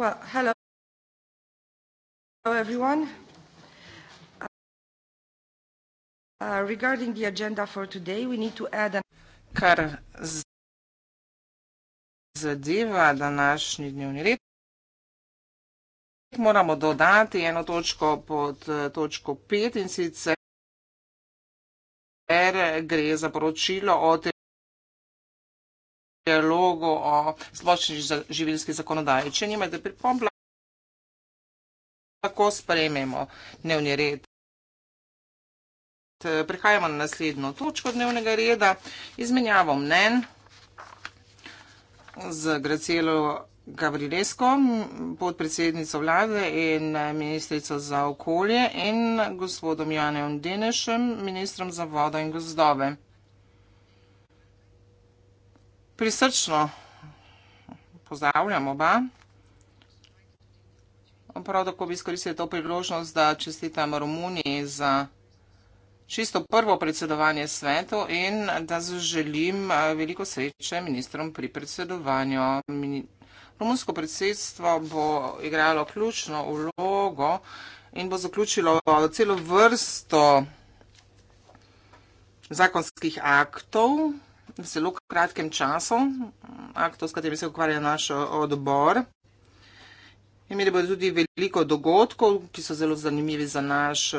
Well, hello. Hello, everyone. Uh, uh, regarding the agenda for today, we need to add an. Kar zadeva današnji dnevni red. Moramo dodati eno točko pod eh, točko 5 in sicer gre za poročilo o tem dialogu o splošni živilski zakonodaji. Če nimate pripomb, lahko sprejmemo dnevni red. Prihajamo na naslednjo točko dnevnega reda. Izmenjavo mnen z Gracelo Gavrilesko, podpredsednico vlade in ministrico za okolje in gospodom Janem Denešem, ministrom za vodo in gozdove prisrčno pozdravljam oba. Prav tako bi izkoristili to priložnost, da čestitam Romuniji za čisto prvo predsedovanje svetu in da zaželim eh, veliko sreče ministrom pri predsedovanju. Romunsko predsedstvo bo igralo ključno vlogo in bo zaključilo celo vrsto zakonskih aktov, v zelo kratkem času, akto, s katerim se ukvarja naš odbor. Imeli bodo tudi veliko dogodkov, ki so zelo zanimivi za naš eh,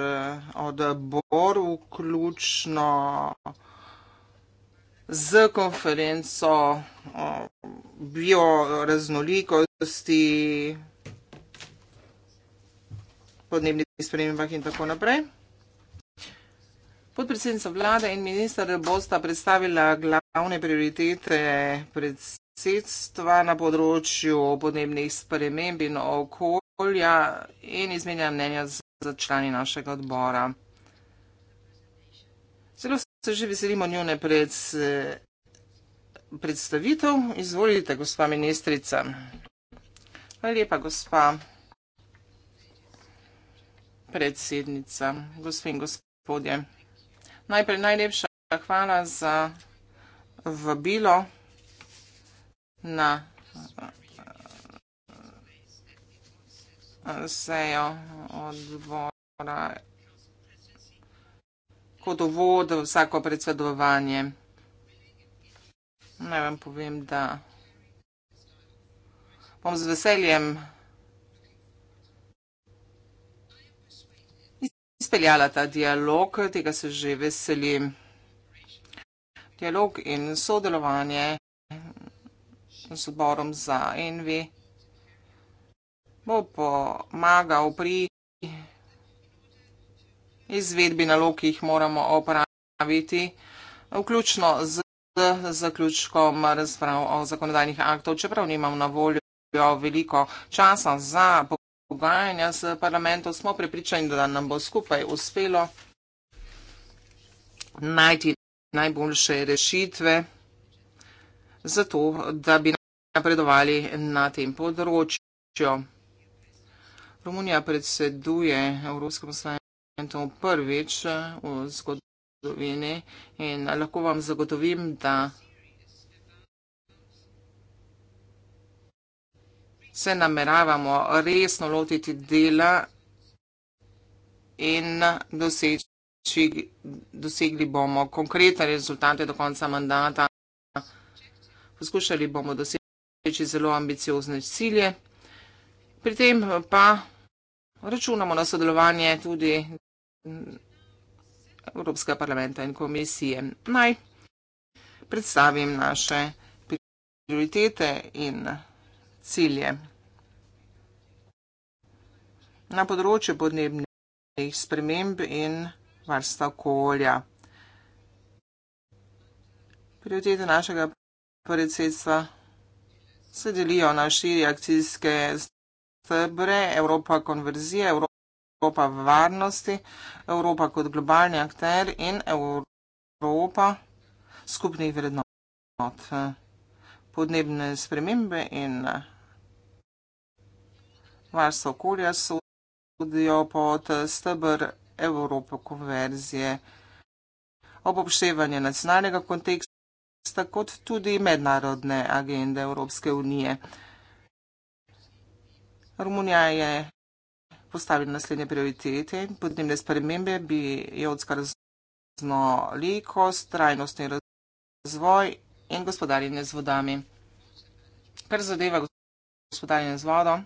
odbor, vključno z konferenco bioraznolikosti, podnebnih spremembah in tako naprej. Podpredsednica vlade in minister bosta predstavila glavne prioritete predsedstva na področju podnebnih sprememb in okolja in izmenja mnenja za člani našega odbora. Zelo se že veselimo njune pred, predstavitev. Izvolite, gospa ministrica. Hvala lepa, gospa predsednica, gospe in gospodje. Najprej najlepša hvala za vabilo na eh, sejo odbora kot uvod vsako predsedovanje. Naj vam povem, da bom z veseljem vsega, izpeljala ta dialog, tega se že veselim. Dialog in sodelovanje z odborom za NV bo pomagal pri izvedbi nalog, ki jih moramo opraviti, vključno z zaključkom razprav o zakonodajnih aktov, čeprav nimam na voljo veliko časa za pogovor pogajanja z parlamentom, smo prepričani, da nam bo skupaj uspelo najti najboljše rešitve za to, da bi napredovali na tem področju. Romunija predseduje Evropskemu parlamentu prvič v zgodovini in lahko vam zagotovim, da se nameravamo resno lotiti dela in doseči, dosegli bomo konkretne rezultate do konca mandata. Poskušali bomo doseči zelo ambiciozne cilje. Pri tem pa računamo na sodelovanje tudi Evropskega parlamenta in komisije. Naj predstavim naše prioritete in cilje na področju podnebnih sprememb in varstva okolja. Prioritete našega predsedstva se delijo na štiri akcijske stebre Evropa konverzije, Evropa varnosti, Evropa kot globalni akter in Evropa skupnih vrednot. Podnebne spremembe in varstvo okolja so študijo pod stebr Evrope konverzije. Ob obštevanju nacionalnega konteksta kot tudi mednarodne agende Evropske unije. Romunija je postavila naslednje prioritete. Podnebne spremembe bi je odskrzno likost, trajnostni razvoj in gospodarjenje z vodami. Kar zadeva gospodarjenje z vodom.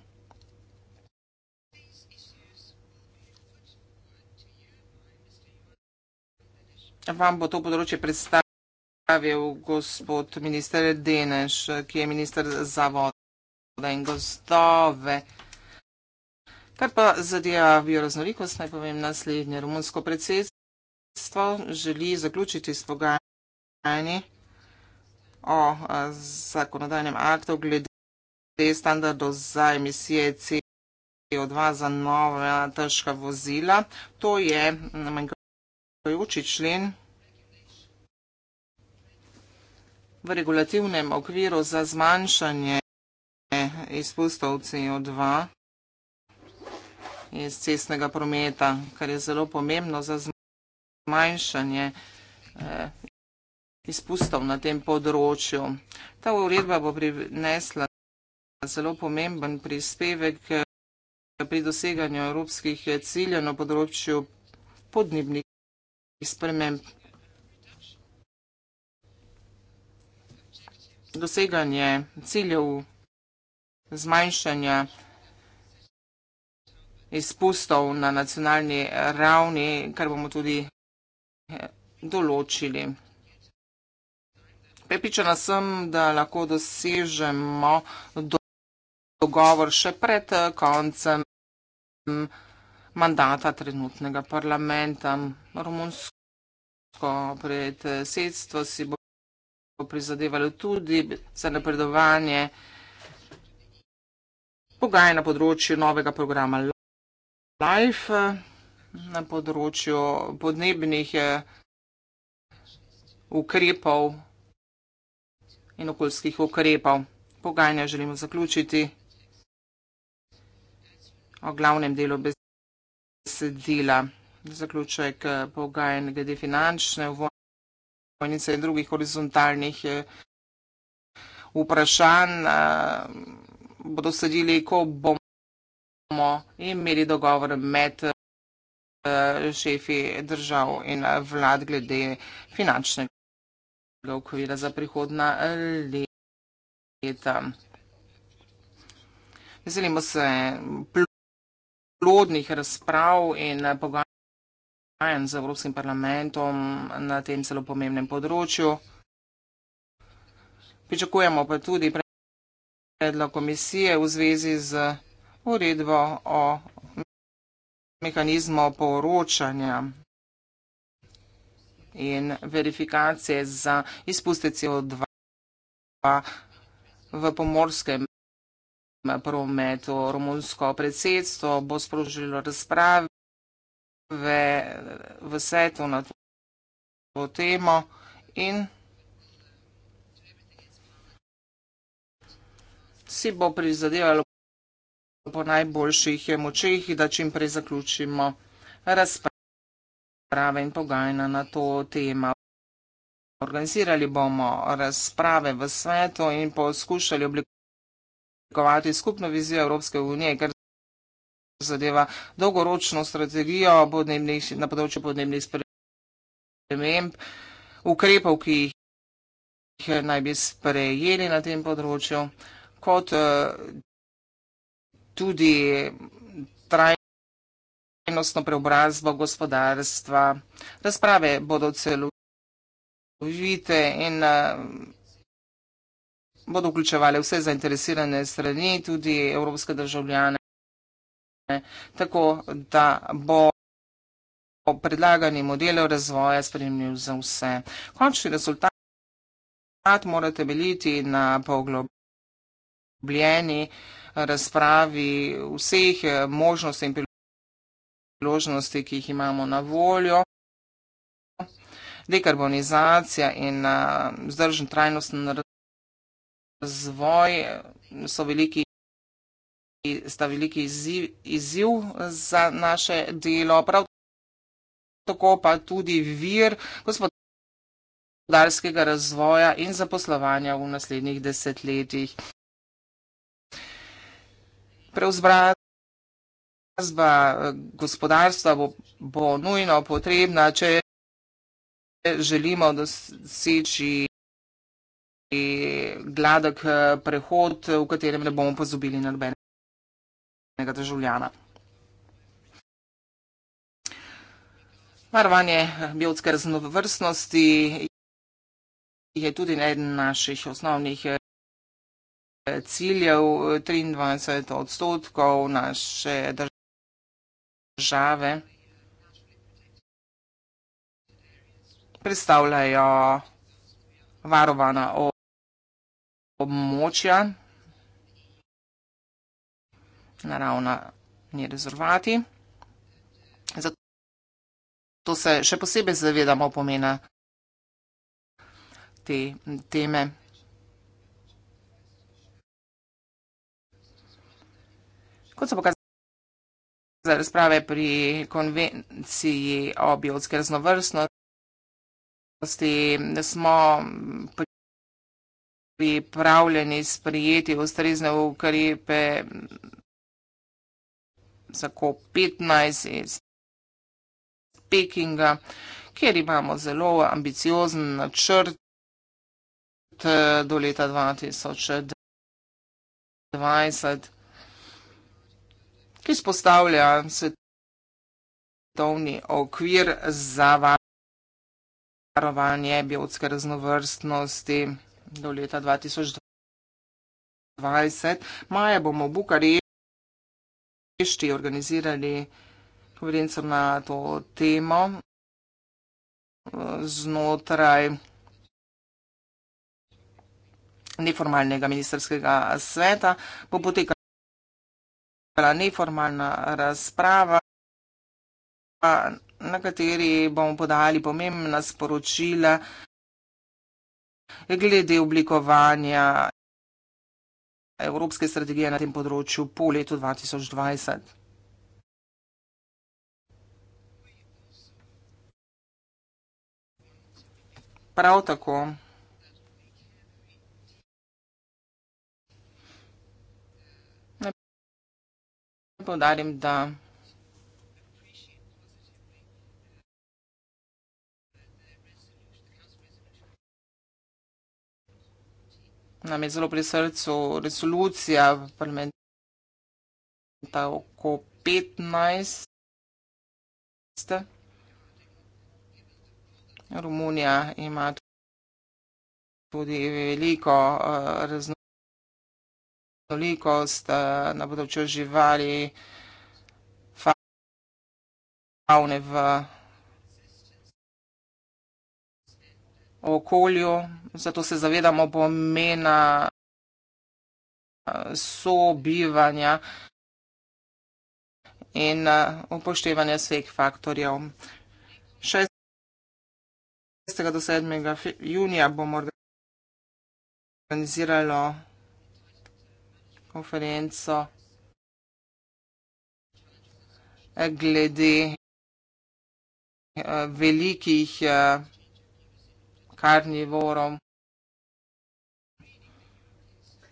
Vam bo to področje predstavil gospod minister Deneš, ki je minister za vode in gozdove. Kar pa zadeva bioraznolikost, naj povem naslednje. Romunsko predsedstvo želi zaključiti s pogajanji o zakonodajnem aktu glede standardov za emisije CO2 za nova težka vozila. To je manjk Vstopajoči člen v regulativnem okviru za zmanjšanje izpustov CO2 iz cestnega prometa, kar je zelo pomembno za zmanjšanje eh, izpustov na tem področju. Ta uredba bo prinesla zelo pomemben prispevek eh, pri doseganju evropskih ciljev na področju podnebnih sprememb. Doseganje ciljev zmanjšanja izpustov na nacionalni ravni, kar bomo tudi eh, določili. Prepričana sem, da lahko dosežemo dogovor še pred koncem mandata trenutnega parlamenta. Romunsko predsedstvo si bo prizadevalo tudi za napredovanje pogaj na področju novega programa LIFE, na področju podnebnih eh, ukrepov in okoljskih ukrepov. Pogajanja želimo zaključiti o glavnem delu besedila besedila. Zaključek eh, pogajanj glede finančne vojnice in drugih horizontalnih eh, vprašanj eh, bodo sedili, ko bomo imeli dogovor med šefi držav in vlad glede finančnega okvira za prihodna leta. Veselimo se plus plodnih razprav in eh, pogajanj z Evropskim parlamentom na tem zelo pomembnem področju. Pričakujemo pa tudi predlog komisije v zvezi z uredbo o mehanizmu poročanja in verifikacije za izpuste CO2 v pomorskem prometu. Romunsko predsedstvo bo sprožilo razprave v svetu na to temo in si bo prizadevalo po najboljših močeh, da čim prej zaključimo razprave in pogajanja na to temo. Organizirali bomo razprave v svetu in poskušali oblikovati oblikovati skupno vizijo Evropske unije, kar zadeva dolgoročno strategijo podnebnih, na področju podnebnih sprememb, ukrepov, ki jih eh, naj bi sprejeli na tem področju, kot eh, tudi trajnostno preobrazbo gospodarstva. Razprave bodo celovite in eh, bodo vključevale vse zainteresirane strani, tudi evropske državljane. Tako da bo predlagani model razvoja spremljiv za vse. Končni rezultat mora temeljiti na poglobljeni razpravi vseh možnosti in priložnosti, ki jih imamo na voljo. Dekarbonizacija in vzdržen trajnostni razvoj razvoj, so veliki, sta veliki izziv, izziv za naše delo, prav tako pa tudi vir gospodarskega razvoja in zaposlovanja v naslednjih desetletjih. Preobrazba eh, gospodarstva bo, bo nujno potrebna, če želimo doseči gladek eh, prehod, v katerem ne bomo pozobili nadbenega državljana. Varovanje eh, biotske raznovrstnosti je tudi eden naših osnovnih eh, ciljev. 23 odstotkov naše države predstavljajo varovana o območja, naravna ni rezervati. Zato se še posebej zavedamo pomena te teme. Kot so pokazali razprave pri konvenciji o biotske raznovrstnosti, smo pri pripravljeni sprijeti ustrezne ukrepe za COP15 iz Pekinga, kjer imamo zelo ambiciozen načrt eh, do leta 2020, ki spostavlja svetovni okvir za varovanje biotske raznovrstnosti do leta 2020. Maja bomo v Bukarešti organizirali konferenco na to temo eh, znotraj neformalnega ministerskega sveta. Bo potekala neformalna razprava, na kateri bomo podali pomembna sporočila glede oblikovanja evropske strategije na tem področju po letu 2020. Prav tako ne podarim, da nam je zelo pri srcu resolucija v parlamentu ta oko 15. Romunija ima tudi veliko uh, raznolikost uh, na področju živali, favne v uh, o okolju, zato se zavedamo pomena eh, sobivanja in eh, upoštevanja vseh faktorjev. 6. do 7. junija bomo organizirali konferenco glede eh, velikih karnivorom.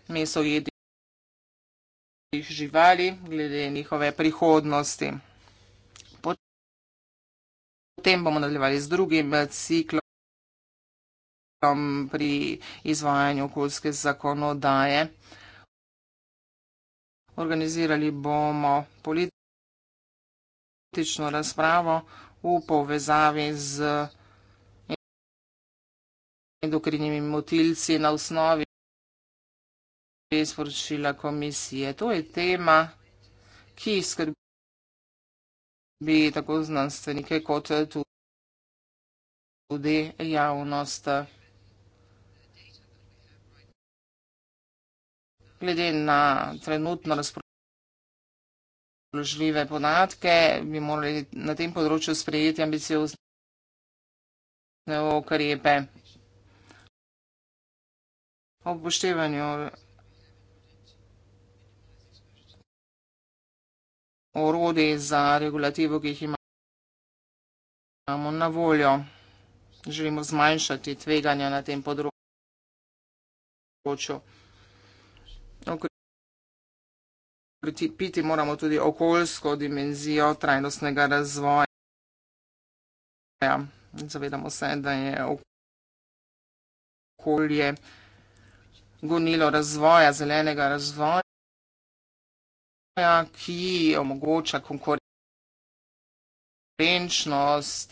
Meso jedi živali, glede njihove prihodnosti. Potem bomo nadaljevali z drugim eh, ciklom pri izvajanju okoljske zakonodaje. Organizirali bomo politično razpravo v povezavi z okoljskim zakonodajem endokrinimi motilci na osnovi sporočila komisije. To je tema, ki skrbi tako znanstvenike kot tudi javnost. Glede na trenutno razpoložljive podatke, bi morali na tem področju sprejeti ambiciozne okrepe obuštevanju orodi za regulativo, ki jih imamo na voljo. Želimo zmanjšati tveganja na tem področju. Piti moramo tudi okoljsko dimenzijo trajnostnega razvoja. Zavedamo se, da je okolje vsega gonilo razvoja, zelenega razvoja, ki omogoča konkurenčnost,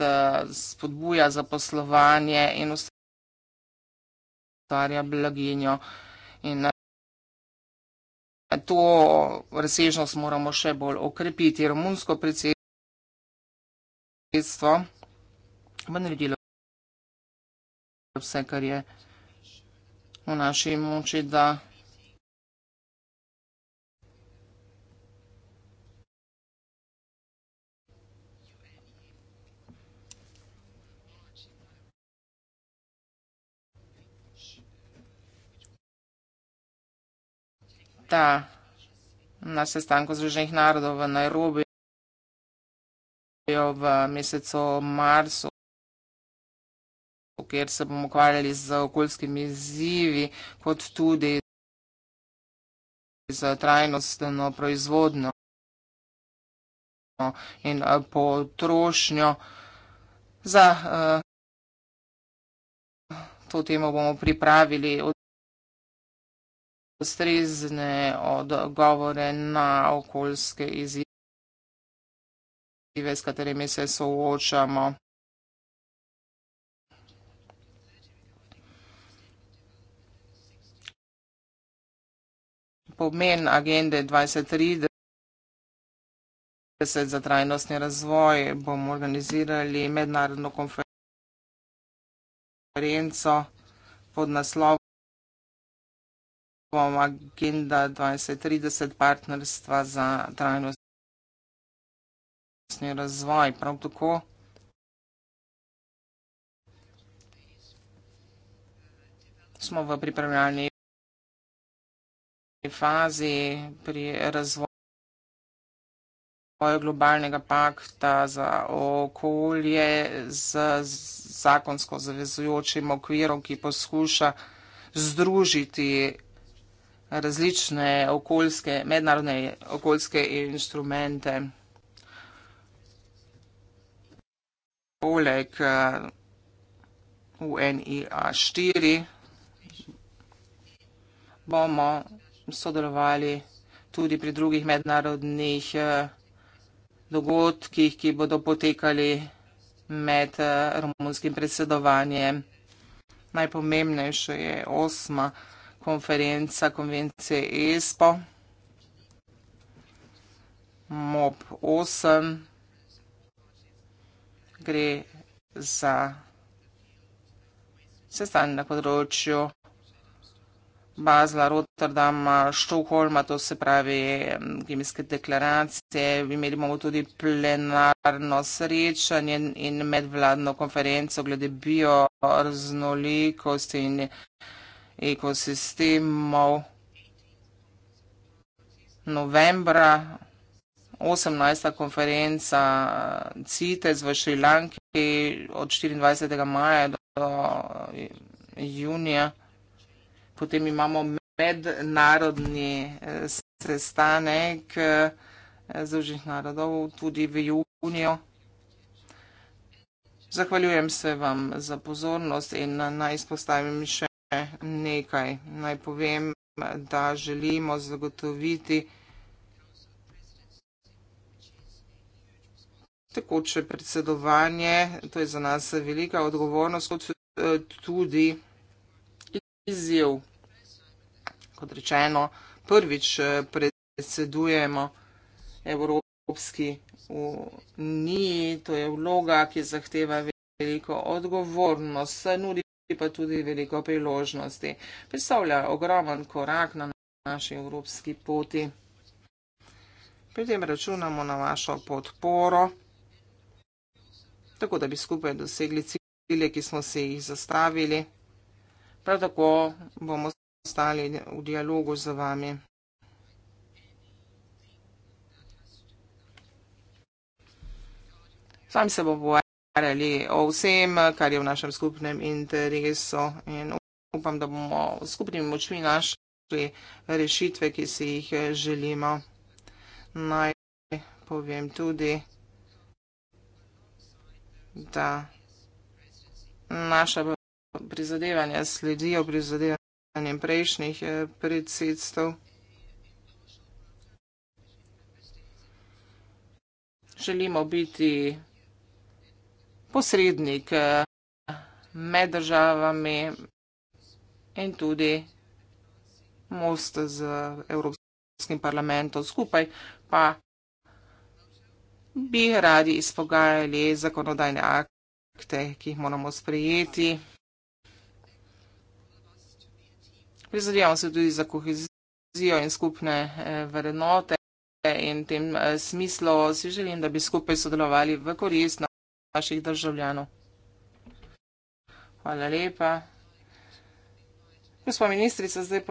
spodbuja zaposlovanje in ustvarja blaginjo. In to razsežnost moramo še bolj okrepiti. Romunsko predsedstvo bo naredilo vse, kar je vse v naši moči, da da na sestanku Združenih narodov v Nairobi v mesecu marsu kjer se bomo ukvarjali z okoljskimi izzivi, kot tudi z trajnostno proizvodnjo in eh, potrošnjo. Za eh, to temo bomo pripravili ustrezne odgovore na okoljske izzive, s katerimi se soočamo. pomen agende 2030 za trajnostni razvoj, bomo organizirali mednarodno konferenco pod naslovom Agenda 2030 partnerstva za trajnostni razvoj. Prav tako smo v pripravljanju fazi pri razvoju globalnega pakta za okolje z zakonsko zavezujočim okvirom, ki poskuša združiti različne okoljske, mednarodne okoljske inštrumente. Poleg eh, UNIA 4 bomo sodelovali tudi pri drugih mednarodnih eh, dogodkih, ki bodo potekali med eh, romunskim predsedovanjem. Najpomembnejša je osma konferenca konvencije ESPO, MOP 8, gre za sestanje na področju Bazla, Rotterdama, Štokholma, to se pravi kemijske deklaracije. Imeli bomo tudi plenarno srečanje in medvladno konferenco glede bioraznolikosti in ekosistemov. Novembra 18. konferenca CITES v Šrilanki od 24. maja do junija potem imamo mednarodni eh, sestanek eh, Združenih narodov tudi v junijo. Zahvaljujem se vam za pozornost in naj izpostavim še nekaj. Naj povem, da želimo zagotoviti tekoče predsedovanje, to je za nas velika odgovornost, kot tudi izjev kot rečeno, prvič eh, predsedujemo Evropski uniji. To je vloga, ki zahteva veliko odgovornost, nudi pa tudi veliko priložnosti. Predstavlja ogromen korak na naši evropski poti. Pri tem računamo na vašo podporo, tako da bi skupaj dosegli cilje, ki smo si jih zastavili. Prav tako bomo ostali v dialogu z vami. S vami se bo povarjali o vsem, kar je v našem skupnem interesu in upam, da bomo skupnimi močmi našli rešitve, ki si jih želimo. Naj povem tudi, da naša prizadevanja sledijo prizadevanja vprašanjem prejšnjih eh, predsedstv. Želimo biti posrednik eh, med državami in tudi most z Evropskim parlamentom skupaj, pa bi radi izpogajali zakonodajne akte, ki jih moramo sprejeti. prizadevamo se tudi za kohezijo in skupne eh, vrednote in tem eh, smislu si želim, da bi skupaj sodelovali v korist naših državljanov. Hvala lepa. Gospod ministrica, zdaj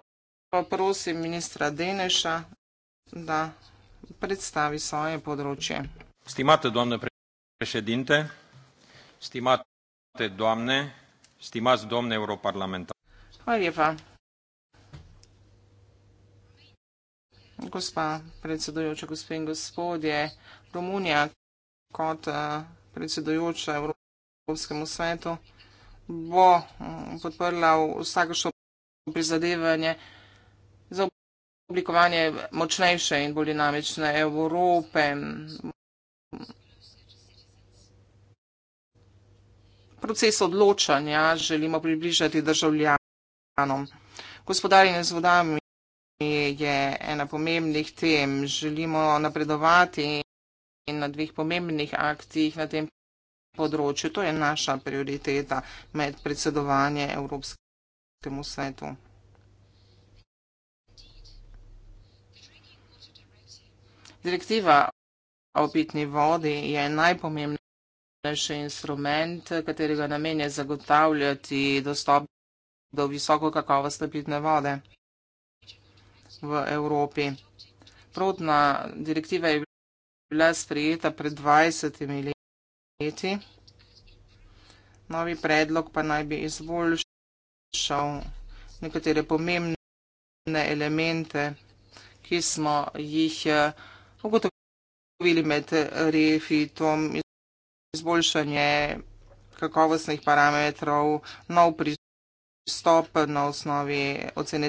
pa prosim ministra Deneša, da predstavi svoje področje. Stimate, domne prešedinte, stimate, domne, stimate, domne europarlamentar. Hvala lepa. gospa predsedujoča, gospe in gospodje, Romunija kot eh, predsedujoča Evropskemu svetu bo mm, podprla vsakošno prizadevanje za oblikovanje močnejše in bolj dinamične Evrope. Proces odločanja želimo približati državljanom, gospodarjenje z vodami je ena pomembnih tem. Želimo napredovati in na dveh pomembnih akcijih na tem področju. To je naša prioriteta med predsedovanje Evropskemu svetu. Direktiva o pitni vodi je najpomembnejši instrument, katerega namen je zagotavljati dostop do visoko kakovostne pitne vode v Evropi. Protna direktiva je bila sprejeta pred 20 leti, novi predlog pa naj bi izboljšal nekatere pomembne elemente, ki smo jih eh, ugotovili med refitom izboljšanje kakovostnih parametrov, nov pristop na osnovi ocene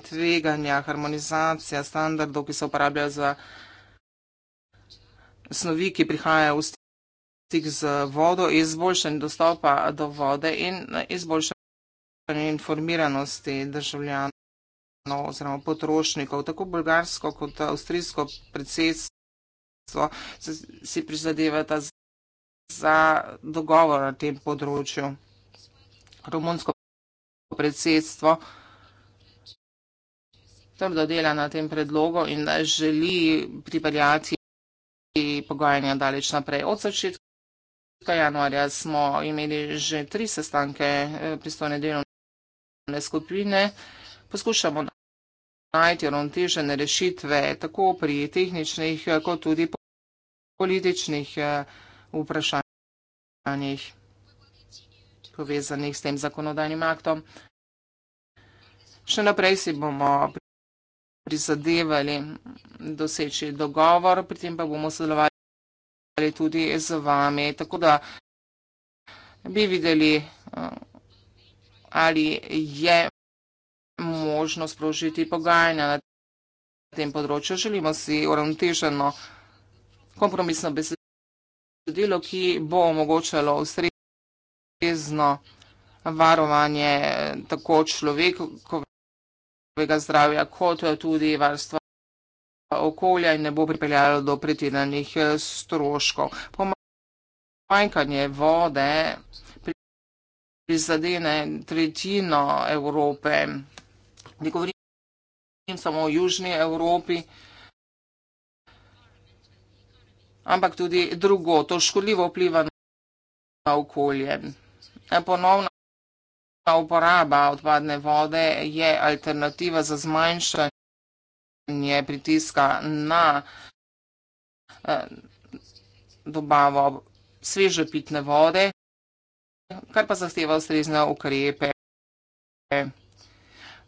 tveganja, harmonizacija standardov, ki se uporabljajo za snovi, ki prihajajo v stik z vodo, izboljšanje dostopa do vode in izboljšanje informiranosti državljanov oziroma potrošnikov. Tako bolgarsko kot avstrijsko predsedstvo si prizadevata za dogovor na tem področju. Romunsko predsedstvo predsedstvo trdo dela na tem predlogu in da želi pripeljati pogajanja daleč naprej. Od začetka januarja smo imeli že tri sestanke eh, pristojne delovne skupine. Poskušamo najti rontežene rešitve tako pri tehničnih eh, kot tudi političnih eh, vprašanjih povezanih s tem zakonodajnim aktom. Še naprej si bomo pripravili prizadevali doseči dogovor, pri tem pa bomo sodelovali tudi z vami. Tako da bi videli, eh, ali je možno sprožiti pogajanja na tem področju. Želimo si uravnoteženo kompromisno besedilo, ki bo omogočalo ustrezno varovanje tako človekov, njihovega zdravja, kot tudi varstva okolja in ne bo pripeljalo do pretiranih eh, stroškov. Pomanjkanje vode prizadene tretjino Evrope, ne govorim samo o Južni Evropi, ampak tudi drugo, to škodljivo vpliva na okolje. Ponovno Ta uporaba odpadne vode je alternativa za zmanjšanje pritiska na eh, dobavo sveže pitne vode, kar pa zahteva ustrezne ukrepe.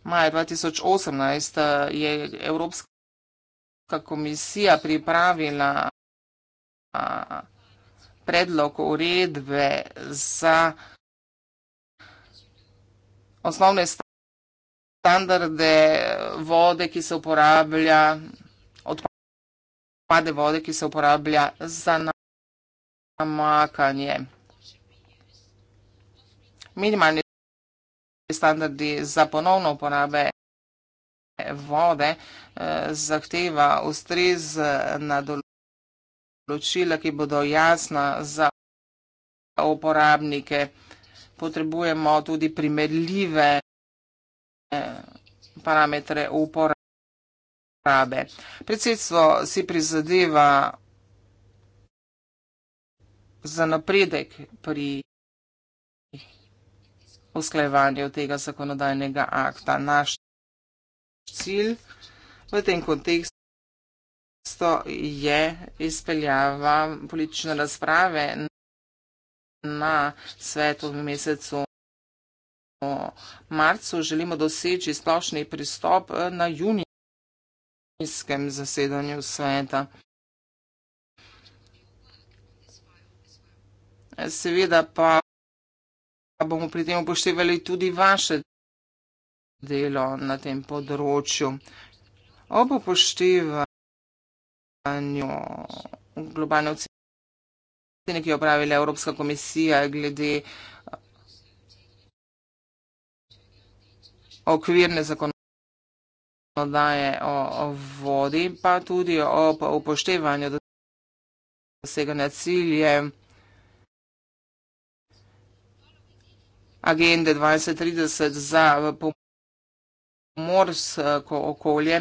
Maja 2018 eh, je Evropska komisija pripravila eh, predlog uredbe za vsega, osnovne standarde vode, ki se uporablja, odpade vode, ki se uporablja za namakanje. Minimalni standardi za ponovno uporabe vode eh, zahteva ustrez na določila, ki bodo jasna za uporabnike vode potrebujemo tudi primerljive eh, parametre uporabe. Predsedstvo si prizadeva za napredek pri usklajevanju tega zakonodajnega akta. Naš cilj v tem kontekstu je izpeljava politične razprave na svetu v mesecu marcu. Želimo doseči splošni pristop eh, na junijskem zasedanju sveta. Seveda pa bomo pri tem upoštevali tudi vaše delo na tem področju. Ob upoštevanju globalne ocene ocene, ki jo pravila Evropska komisija glede eh, okvirne zakonodaje o vodi, pa tudi o upoštevanju doseganja cilje agende 2030 za pomorsko okolje,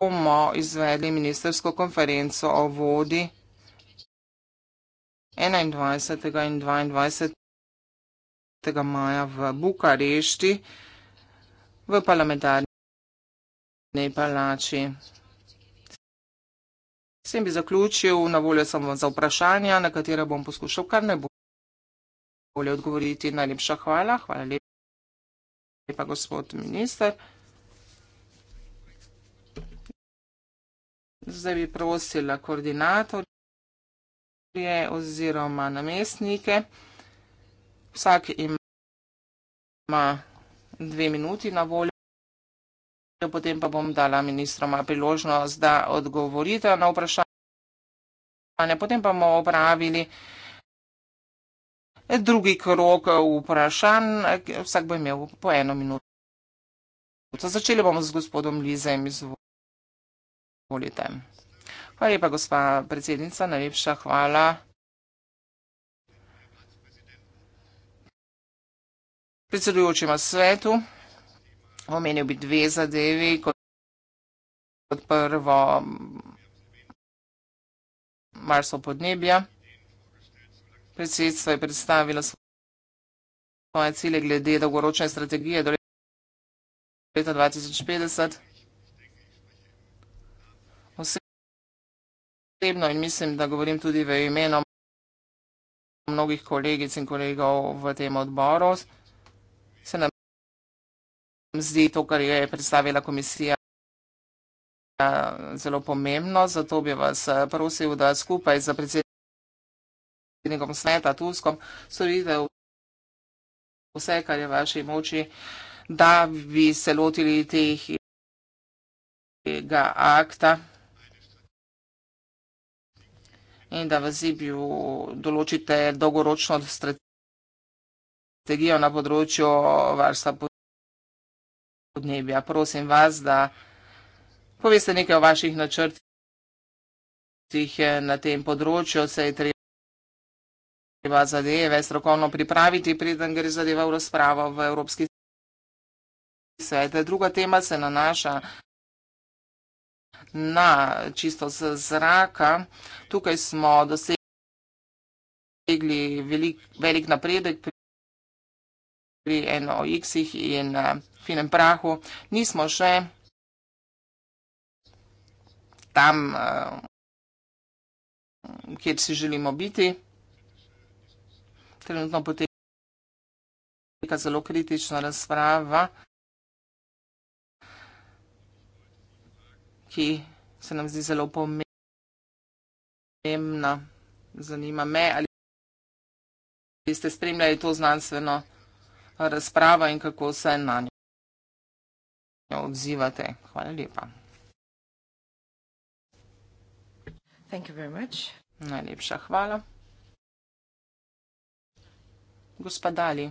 bomo izvedli ministersko konferenco o vodi 21. in 22. maja v Bukarešti v parlamentarni palači. Vsem bi zaključil, na voljo sem vam za vprašanja, na katere bom poskušal kar najbolje odgovoriti. Najlepša hvala, hvala lepa gospod minister. Zdaj bi prosila koordinator direktorje oziroma namestnike. Vsak ima dve minuti na voljo, potem pa bom dala ministroma priložnost, da odgovorite na vprašanje. Potem pa bomo opravili drugi krok vprašanj, vsak bo imel po eno minuto. Začeli bomo z gospodom Lizem, izvolite. Hvala lepa, gospa predsednica, najlepša hvala. Predsedujočima svetu omenil bi dve zadevi kot prvo Marsov podnebja. Predsedstvo je predstavilo svoje cilje glede dolgoročne strategije do leta 2050. osebno in mislim, da govorim tudi v imenu mnogih kolegic in kolegov v tem odboru, se nam zdi to, kar je predstavila komisija, zelo pomembno. Zato bi vas eh, prosil, da skupaj z predsednikom sveta Tuskom storite vse, kar je v vaši moči, da bi se lotili teh akta in da v Zibiju določite dolgoročno strategijo na področju varstva podnebja. Prosim vas, da poveste nekaj o vaših načrtih eh, na tem področju, se je treba zadeve strokovno pripraviti, preden gre zadeva v razpravo v Evropski svet. Druga tema se nanaša na čistost zraka. Tukaj smo dosegli velik, velik napredek pri NOX-ih in eh, finem prahu. Nismo še tam, eh, kjer si želimo biti. Trenutno poteka zelo kritična razprava. ki se nam zdi zelo pomembna. Zanima me, ali ste spremljali to znanstveno razpravo in kako se na njo odzivate. Hvala lepa. Thank you very much. Najlepša hvala. Gospodali.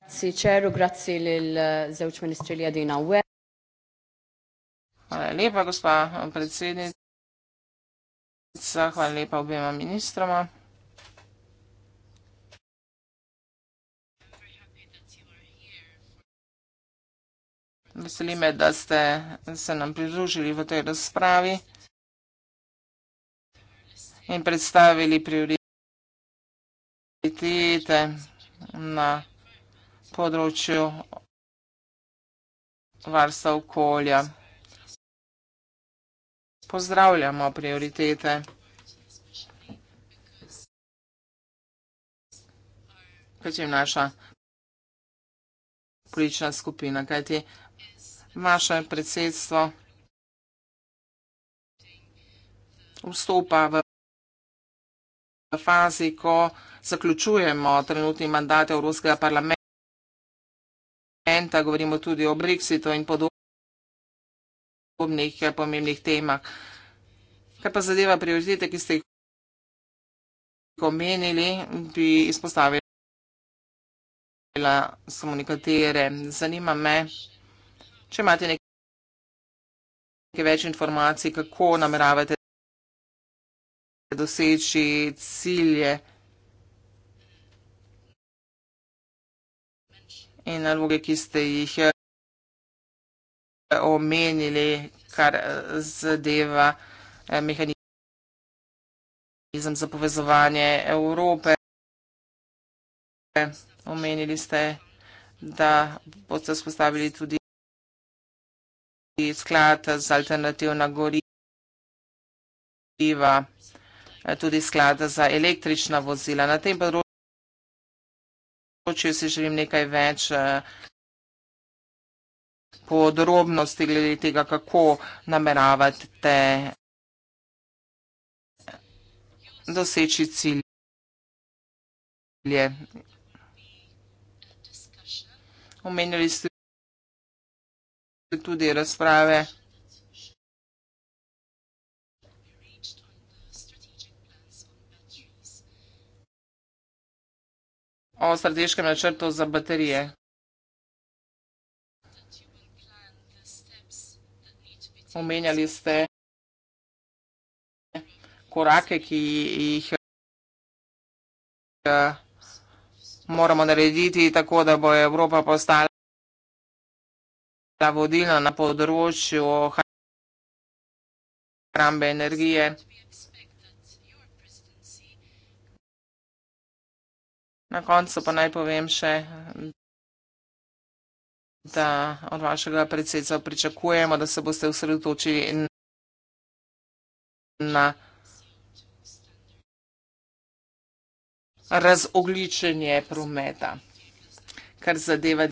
Grazie, Cero, grazie il, uh, za učmeni streljadina. Hvala lepa, gospa predsednica. Hvala lepa obema ministroma. Veseli me, da ste se nam pridružili v tej razpravi in predstavili prioritete na področju varstva okolja pozdravljamo prioritete. Kajti naša politična skupina, kajti vaše predsedstvo vstopa v fazi, ko zaključujemo trenutni mandat Evropskega parlamenta, govorimo tudi o Brexitu in podobno pomembnih, pomembnih temah. Kaj pa zadeva prioritete, ki ste jih omenili, bi izpostavila samo nekatere. Zanima me, če imate nekaj več informacij, kako nameravate doseči cilje in naloge, ki ste jih eh, omenili, kar eh, zadeva eh, mehanizem za povezovanje Evrope. Omenili ste, da boste spostavili tudi sklad za alternativna goriva, eh, tudi sklad za električna vozila. Na tem področju si želim nekaj več podrobnosti glede tega, kako nameravate doseči cilje. Omenjali ste tudi razprave. o strateškem načrtu za baterije. omenjali ste korake, ki jih eh, moramo narediti tako, da bo Evropa postala vodilna na področju hrambe energije. Na koncu pa naj povem še, da od vašega predsedstva pričakujemo, da se boste usredotočili na razogličenje prometa, kar zadeva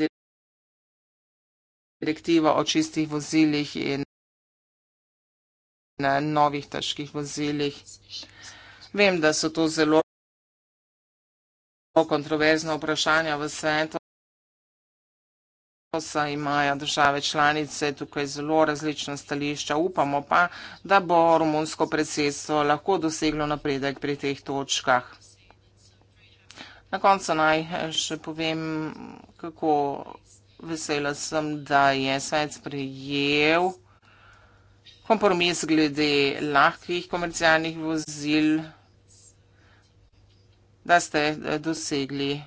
direktiva o čistih vozilih in na novih težkih vozilih. Vem, da so to zelo kontroverzne vprašanja v svetu, Sa imajo države članice tukaj zelo različna stališča. Upamo pa, da bo romunsko predsedstvo lahko doseglo napredek pri teh točkah. Na koncu naj še povem, kako vesela sem, da je svet sprejel kompromis glede lahkih komercialnih vozil, da ste eh, dosegli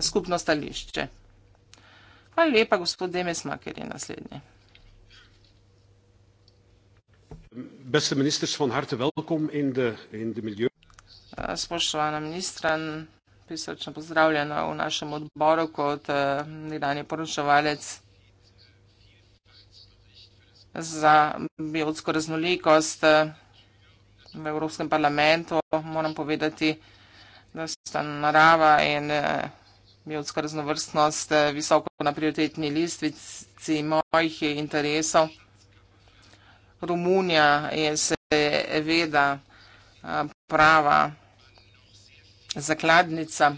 skupno stališče. Hvala lepa, gospod Demesma, ker je naslednji. Beste minister, von harte welkom in de, in de milieu. Spoštovana ministra, prisrčno pozdravljena v našem odboru kot eh, nekdanje poročevalec za biotsko raznolikost eh, v Evropskem parlamentu. Moram povedati, da sta narava in eh, imel skrznovrstnost visoko na prioritetni listvici mojih interesov. Romunija je seveda prava zakladnica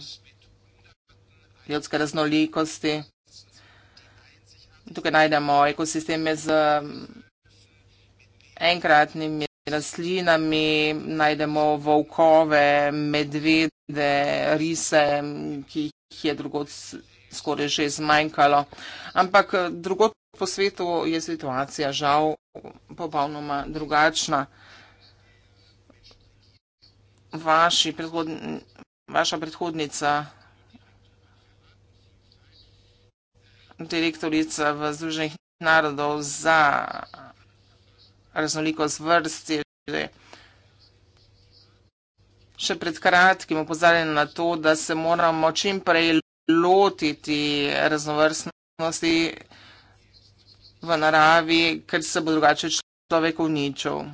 ljudske raznolikosti. Tukaj najdemo ekosisteme z enkratnimi rastlinami, najdemo volkove, medvede, rise, ki jih je drugot skoraj že zmanjkalo. Ampak eh, drugot po svetu je situacija žal popolnoma drugačna. Predhodni, vaša predhodnica, direktorica v Združenih narodov za raznolikost vrst je že še pred kratkim opozarjali na to, da se moramo čim prej lotiti raznovrstnosti v naravi, ker se bo drugače človek uničil.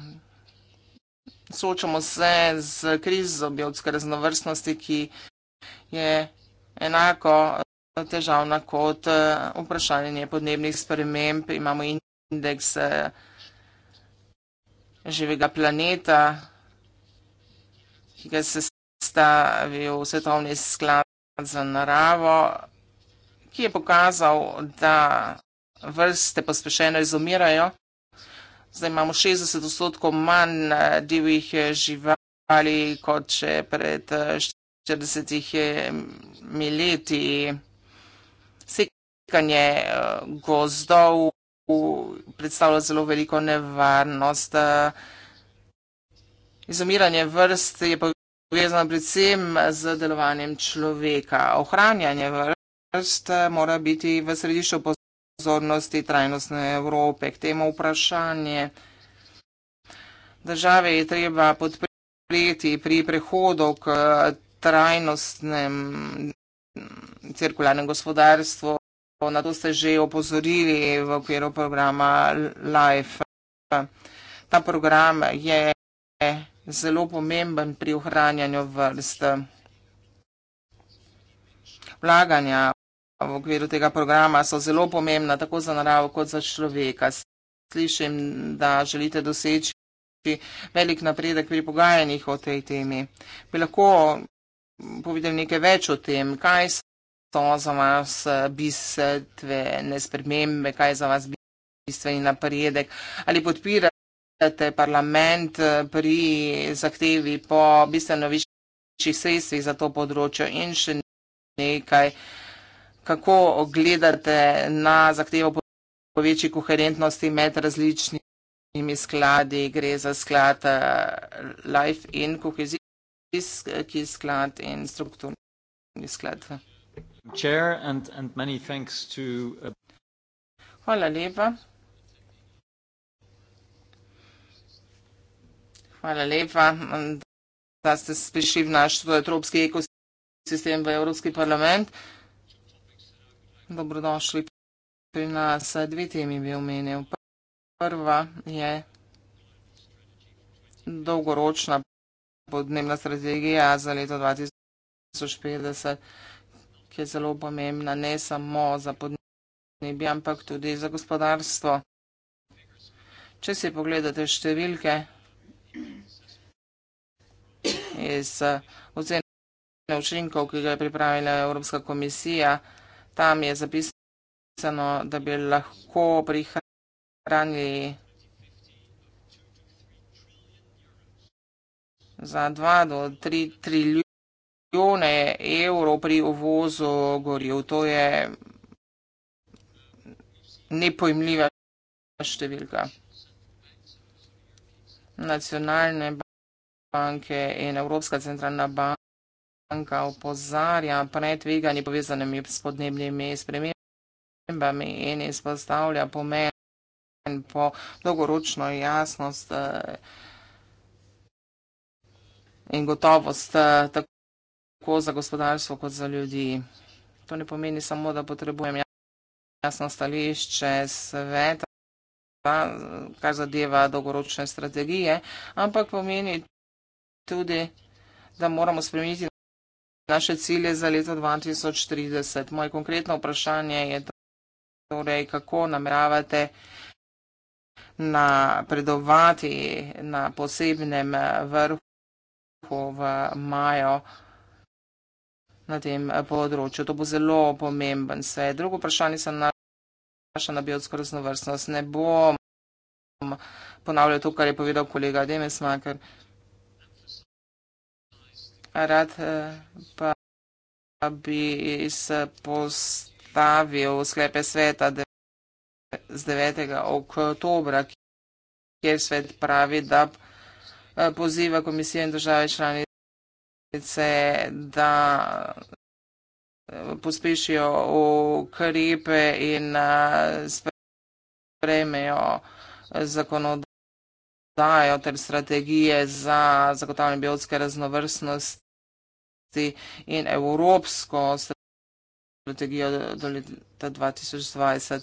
Soočamo se z krizo biotske raznovrstnosti, ki je enako težavna kot eh, vprašanje podnebnih sprememb. Imamo indeks eh, živega planeta, ki ga je sestavil svetovni sklad za naravo, ki je pokazal, da vrste pospešeno izumirajo. Zdaj imamo 60 odstotkov manj eh, divjih eh, živali, kot še pred 40 eh, leti. Sekanje gozdov predstavlja zelo veliko nevarnost. Izumiranje vrst je povezano predvsem z delovanjem človeka. Ohranjanje vrst eh, mora biti v središču pozornosti trajnostne Evrope. K temu vprašanje države je treba podpreti pri prehodu k trajnostnem mm, cirkularnem gospodarstvu. Na to ste že opozorili v okviru programa LIFE. Ta program je zelo pomemben pri ohranjanju vrst. Vlaganja v okviru tega programa so zelo pomembna tako za naravo kot za človeka. Slišim, da želite doseči velik napredek pri pogajanjih o tej temi. Bi lahko povedal nekaj več o tem, kaj so za vas bistvene spremembe, kaj je za vas bistveni napredek, ali podpira podpirate parlament eh, pri zahtevi po bistveno višjih sredstvih za to področje in še nekaj, kako gledate na zahtevo po večji koherentnosti med različnimi skladi, gre za sklad eh, Life in kohezijski eh, sklad in strukturni sklad. Chair and, and many thanks to, uh... Hvala lepa. Hvala lepa, da ste prišli v naš evropski ekosistem, v Evropski parlament. Dobrodošli pri nas. Dve temi bi omenil. Prva je dolgoročna podnebna strategija za leto 2050, ki je zelo pomembna ne samo za podnebje, ampak tudi za gospodarstvo. Če si pogledate številke, iz uh, ocene učinkov, ki ga je pripravila Evropska komisija. Tam je zapisano, da bi lahko prihranili za 2 do 3 trilijone evrov pri uvozu goriv. To je nepojmljiva številka nacionalne banke in Evropska centralna banka opozarja pred tveganji povezanimi s podnebnimi spremembami in izpostavlja pomen po dolgoročno jasnost eh, in gotovost eh, tako za gospodarstvo kot za ljudi. To ne pomeni samo, da potrebujem jasno stališče sveta kar zadeva dolgoročne strategije, ampak pomeni tudi, da moramo spremeniti naše cilje za leto 2030. Moje konkretno vprašanje je torej, kako nameravate napredovati na posebnem vrhu v majo na tem področju. To bo zelo pomemben svet. Drugo vprašanje se na nanaša na biotsko raznovrstnost. Ne bom ponavljal to, kar je povedal kolega Demes Makar. Rad eh, pa bi izpostavil sklepe sveta z 9. oktobra, kjer svet pravi, da eh, poziva komisije in države članice, da pospešijo ukrepe in spremejo zakonodajo ter strategije za zagotavljanje biotske raznovrstnosti in evropsko strategijo do leta 2020.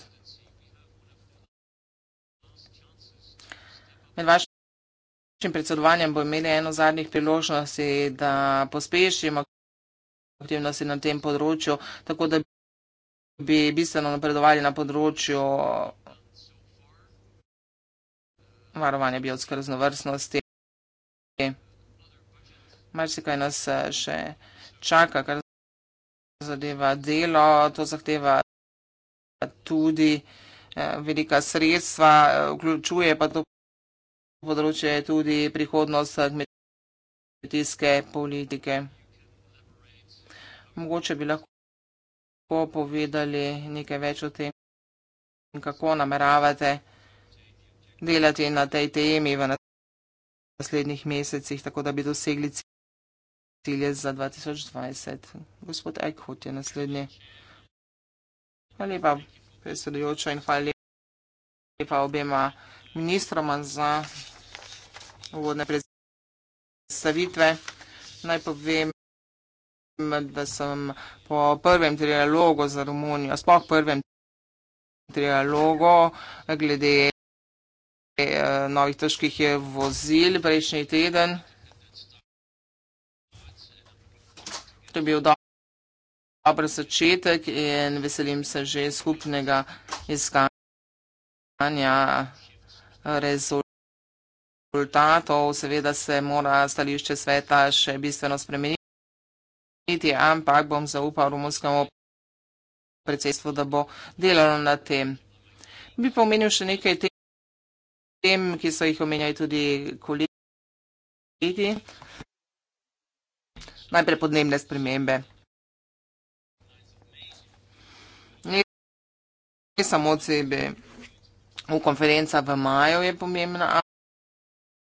Med vašim predsedovanjem bomo imeli eno zadnjih priložnosti, da pospešimo aktivnosti na tem področju, tako da bi bistveno napredovali na področju varovanja biotske raznovrstnosti. Marsikaj nas eh, še čaka, kar zadeva delo, to zahteva tudi eh, velika sredstva, eh, vključuje pa to področje tudi prihodnost kmetijske politike mogoče bi lahko povedali nekaj več o tem, kako nameravate delati na tej temi v naslednjih mesecih, tako da bi dosegli cilje za 2020. Gospod Eckhut je naslednji. Hvala lepa, predsedujoča, in hvala lepa obema ministroma za uvodne predstavitve. Naj povem, da sem po prvem trialogu za Romunijo, sploh prvem trialogu glede eh, novih težkih vozil prejšnji teden. To je bil dober začetek in veselim se že skupnega iskanja eh, rezultatov. Seveda se mora stališče sveta še bistveno spremeniti imeti, ampak bom zaupal rumunskemu predsedstvu, da bo delalo na tem. Bi pa omenil še nekaj tem, ki so jih omenjali tudi kolegi. Najprej podnebne spremembe. Ne samo sebe. Konferenca v maju je pomembna,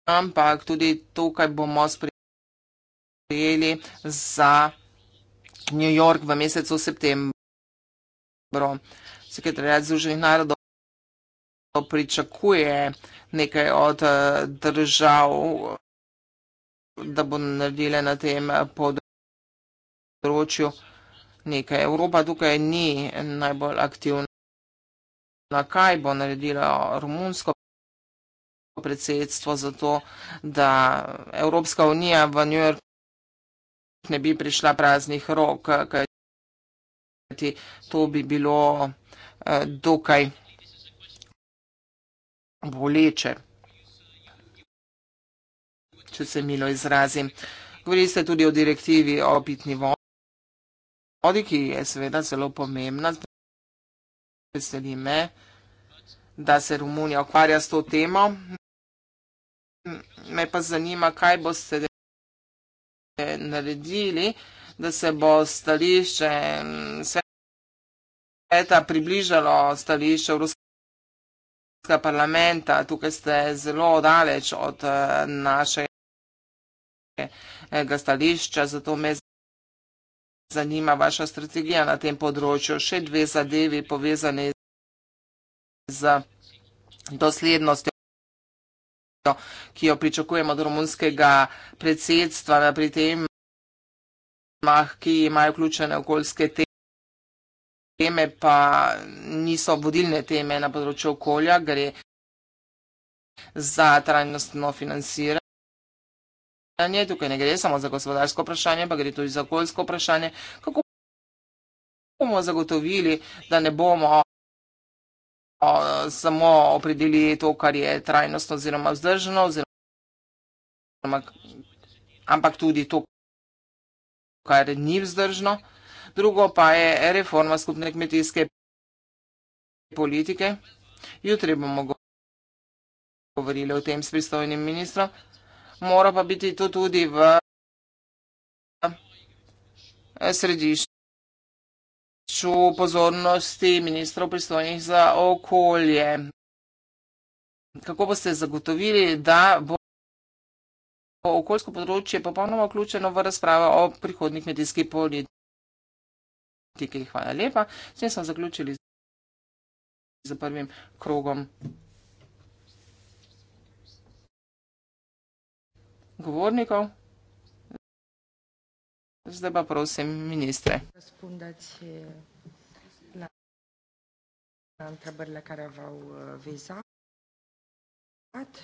ampak tudi to, kaj bomo sprejeli za New York v mesecu septembru. Sekretariat Združenih narodov pričakuje nekaj od eh, držav, da bo naredila na tem področju nekaj. Evropa tukaj ni najbolj aktivna. Kaj bo naredila Romunsko? predsedstvo za to, da Evropska unija v New Yorku ne bi prišla praznih rok, kajti to bi bilo eh, dokaj boleče, če se milo izrazim. Govorili ste tudi o direktivi o pitni vodi, ki je seveda zelo pomembna. Veseli me, da se Romunija okvarja s to temo. Me pa zanima, kaj boste delali naredili, da se bo stališče mm, sveta približalo stališče Evropskega parlamenta. Tukaj ste zelo daleč od eh, našega stališča, zato me zanima vaša strategija na tem področju. Še dve zadevi povezane z doslednostjo ki jo pričakujemo od romunskega predsedstva na pri temah, ki imajo vključene okoljske teme. Teme pa niso vodilne teme na področju okolja, gre za trajnostno financiranje. Tukaj ne gre samo za gospodarsko vprašanje, pa gre tudi za okoljsko vprašanje. Kako bomo zagotovili, da ne bomo o, samo opredeli to, kar je trajnostno oziroma vzdržno, oziroma, ampak tudi to, kar ni vzdržno. Drugo pa je reforma skupne kmetijske politike. Jutri bomo govorili o tem s pristojnim ministrom. Mora pa biti to tudi v eh, središču področju pozornosti ministrov pristojnih za okolje. Kako boste zagotovili, da bo okoljsko področje popolnoma vključeno v razpravo o prihodnih medijskih politikih? Hvala lepa. S tem smo zaključili za prvim krogom. Govornikov. Zdaj pa prosim ministre. Antra Bărlăcaraval uh, Viza.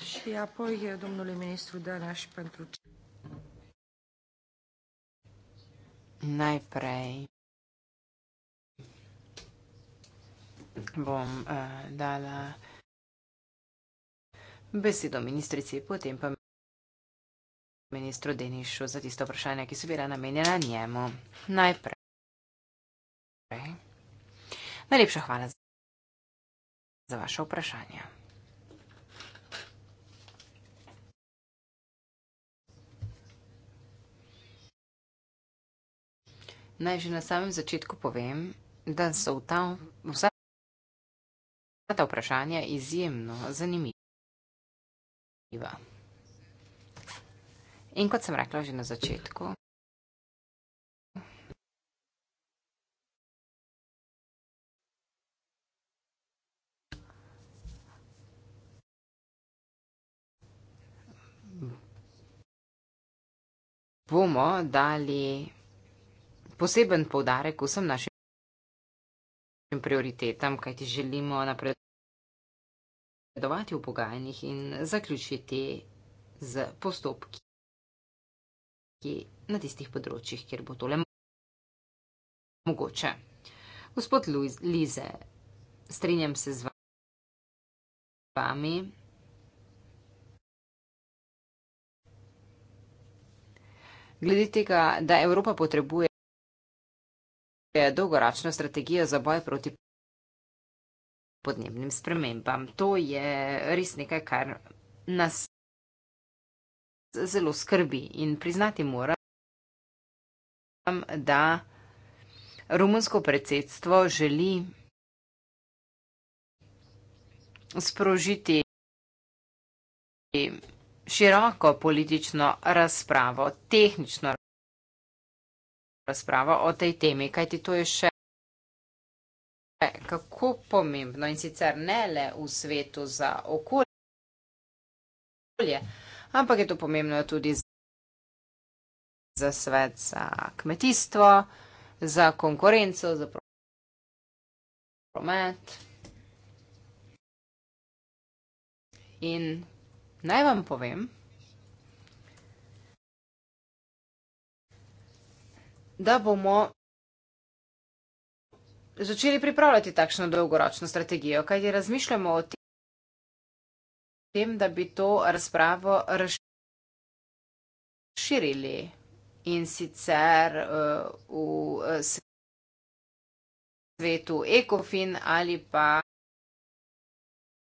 Și apoi uh, domnului ministru Dănaș pentru ce... Najprej bom uh, dala besedo ministrici, potem pa ministru Denišu za tisto vprašanje, ki so bila namenjena njemu. Najprej. Najlepša hvala za za vaše vprašanje. Naj že na samem začetku povem, da so vsa ta vprašanja izjemno zanimiva. In kot sem rekla že na začetku, bomo dali poseben povdarek vsem našim prioritetam, kajti želimo napredovati v pogajanjih in zaključiti z postopki na tistih področjih, kjer bo tole mogoče. Gospod Lize, strinjam se z vami. glede tega, da Evropa potrebuje dolgoročno strategijo za boj proti podnebnim spremembam. To je res nekaj, kar nas zelo skrbi in priznati moram, da rumunsko predsedstvo želi sprožiti široko politično razpravo, tehnično razpravo o tej temi, kajti to je še kako pomembno in sicer ne le v svetu za okolje, ampak je to pomembno tudi za svet, za kmetijstvo, za konkurenco, za promet. In Naj vam povem, da bomo začeli pripravljati takšno dolgoročno strategijo, kajti razmišljamo o tem, da bi to razpravo razširili in sicer eh, v svetu ECOFIN ali pa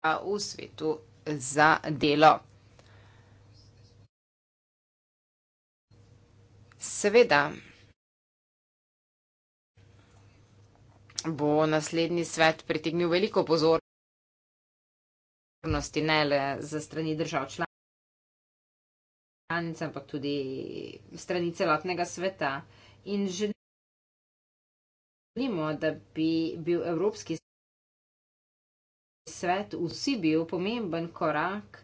v svetu za delo. Seveda bo naslednji svet pritegnil veliko pozornosti, ne le za strani držav članic, ampak tudi strani celotnega sveta. In želimo, da bi bil Evropski svet svet vsi bil pomemben korak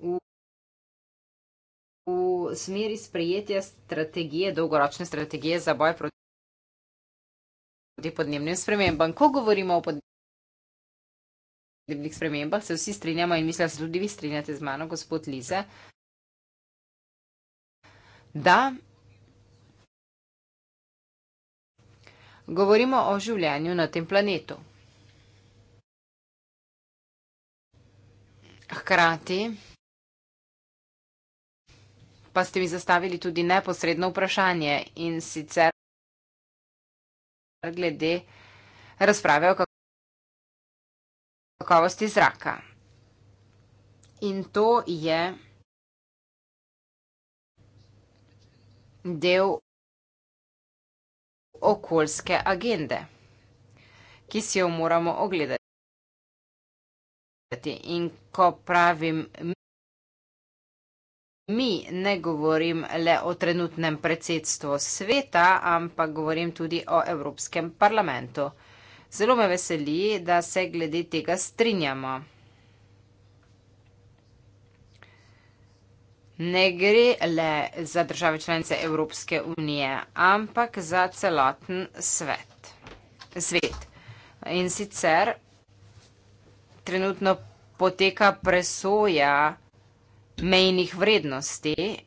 v, v smeri sprejetja strategije, dolgoročne strategije za boj proti podnebnim spremembam. Ko govorimo o podnebnih spremembah, se vsi strinjamo in mislim, da se tudi vi strinjate z mano, gospod Lize. Da Govorimo o življenju na tem planetu. Hkrati pa ste mi zastavili tudi neposredno vprašanje in sicer glede razprave o kakovosti zraka. In to je del okoljske agende, ki si jo moramo ogledati. In ko pravim mi, ne govorim le o trenutnem predsedstvu sveta, ampak govorim tudi o Evropskem parlamentu. Zelo me veseli, da se glede tega strinjamo. ne gre le za države članice Evropske unije, ampak za celoten svet. svet. In sicer trenutno poteka presoja mejnih vrednosti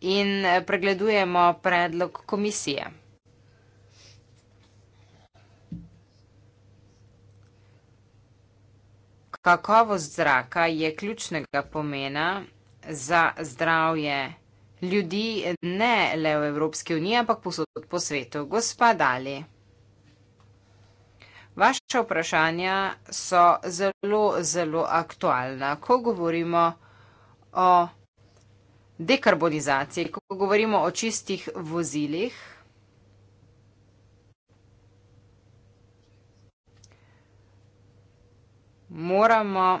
in pregledujemo predlog komisije. Kakovost zraka je ključnega pomena za zdravje ljudi, ne le v Evropski uniji, ampak posod po svetu. Gospa Dali. Vaša vprašanja so zelo, zelo aktualna. Ko govorimo o dekarbonizaciji, ko govorimo o čistih vozilih, moramo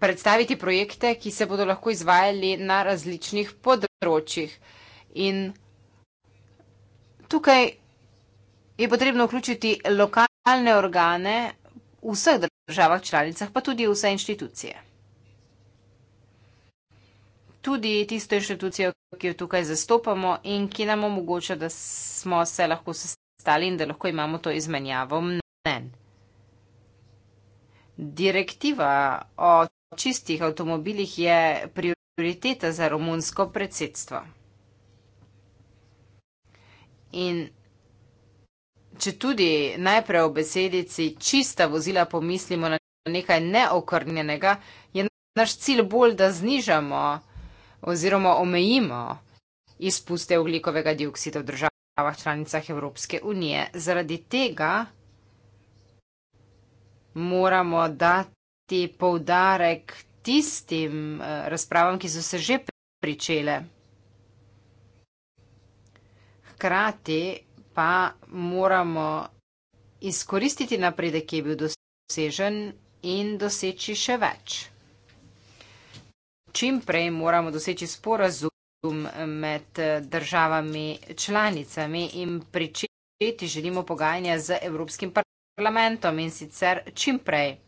predstaviti projekte, ki se bodo lahko izvajali na različnih področjih. In tukaj je potrebno vključiti lokalne organe v vseh državah članicah, pa tudi vse inštitucije. Tudi tisto inštitucijo, ki jo tukaj zastopamo in ki nam omogoča, da smo se lahko sestali in da lahko imamo to izmenjavo mnen. Direktiva o čistih avtomobilih je prioriteta za romunsko predsedstvo. In če tudi najprej v besedici čista vozila pomislimo na nekaj neokrnjenega, je naš cilj bolj, da znižamo oziroma omejimo izpuste oglikovega dioksida v državah članicah Evropske unije. Zaradi tega moramo dati dati povdarek tistim eh, razpravam, ki so se že pričele. Hkrati pa moramo izkoristiti napredek, ki je bil dosežen in doseči še več. Čim prej moramo doseči sporazum med eh, državami članicami in pričeti želimo pogajanja z Evropskim parlamentom in sicer čim prej.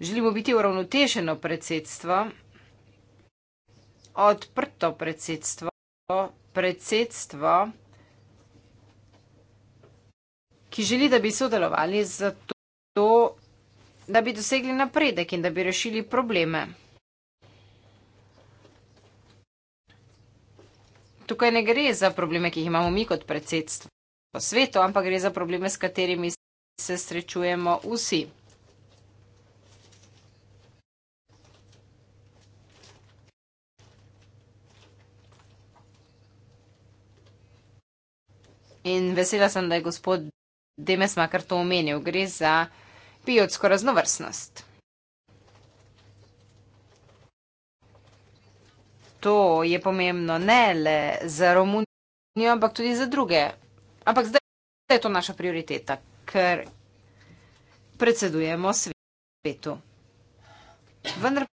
Želimo biti uravnotešeno predsedstvo, odprto predsedstvo, predsedstvo, ki želi, da bi sodelovali za to, da bi dosegli napredek in da bi rešili probleme. Tukaj ne gre za probleme, ki jih imamo mi kot predsedstvo po svetu, ampak gre za probleme, s katerimi se srečujemo vsi. In vesela sem, da je gospod Demes makar to omenil. Gre za biotsko raznovrstnost. To je pomembno ne le za Romunijo, ampak tudi za druge. Ampak zdaj je to naša prioriteta, ker predsedujemo svetu. Vendar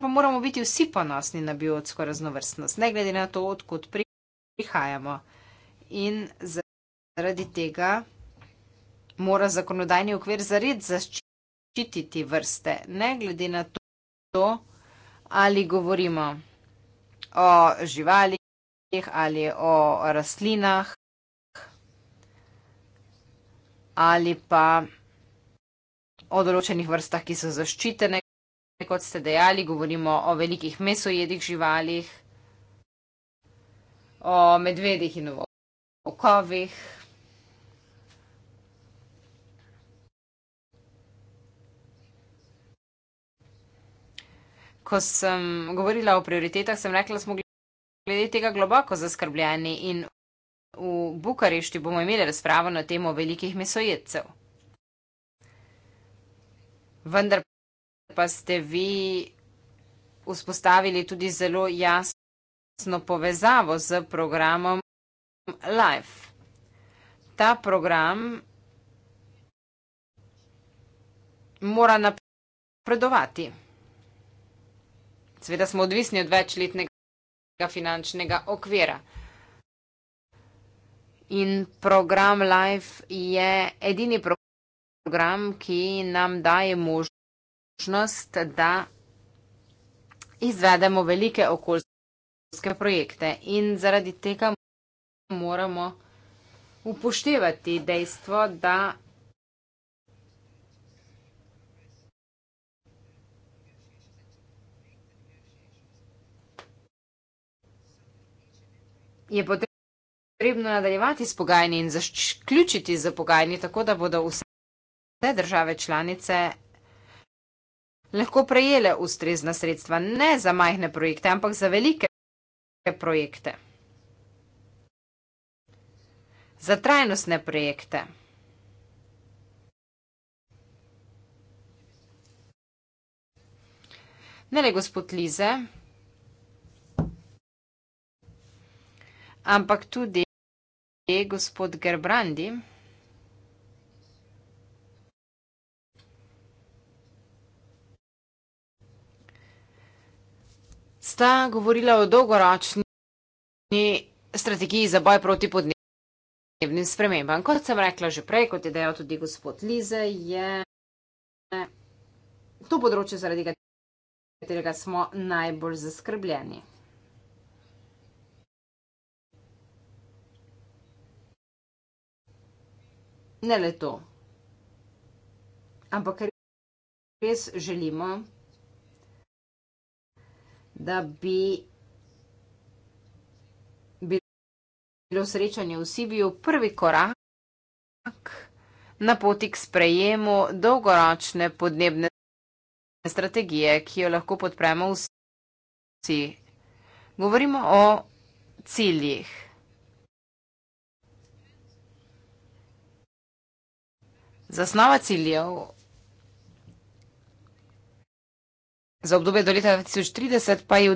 pa moramo biti vsi ponosni na biotsko raznovrstnost, ne glede na to, odkud prihajamo. In za Zaradi tega mora zakonodajni okvir zared zaščititi vrste, ne glede na to, ali govorimo o živalih ali o rastlinah ali pa o določenih vrstah, ki so zaščitene, kot ste dejali, govorimo o velikih mesojedih živalih, o medvedih in o volkovih. ko sem govorila o prioritetah, sem rekla, da smo glede tega globoko zaskrbljeni in v Bukarešti bomo imeli razpravo na temo velikih mesojedcev. Vendar pa ste vi vzpostavili tudi zelo jasno povezavo z programom LIFE. Ta program mora napredovati. Sveda smo odvisni od večletnega finančnega okvira. In program Life je edini program, ki nam daje možnost, da izvedemo velike okoljske projekte. In zaradi tega moramo upoštevati dejstvo, da je potrebno nadaljevati s pogajanji in zaključiti z pogajanji, tako da bodo vse države članice lahko prejele ustrezna sredstva, ne za majhne projekte, ampak za velike projekte, za trajnostne projekte. Ne le gospod Lize, ampak tudi gospod Gerbrandi. Sta govorila o dolgoročni strategiji za boj proti podnebnim spremembam. Kot sem rekla že prej, kot je dejal tudi gospod Lize, je to področje, zaradi katerega smo najbolj zaskrbljeni. ne le to, ampak res želimo, da bi bilo srečanje v Sibiju prvi korak na poti k sprejemu dolgoročne podnebne strategije, ki jo lahko podpremo vsi. Govorimo o ciljih. Zasnova ciljev za obdobje do leta 2030 pa je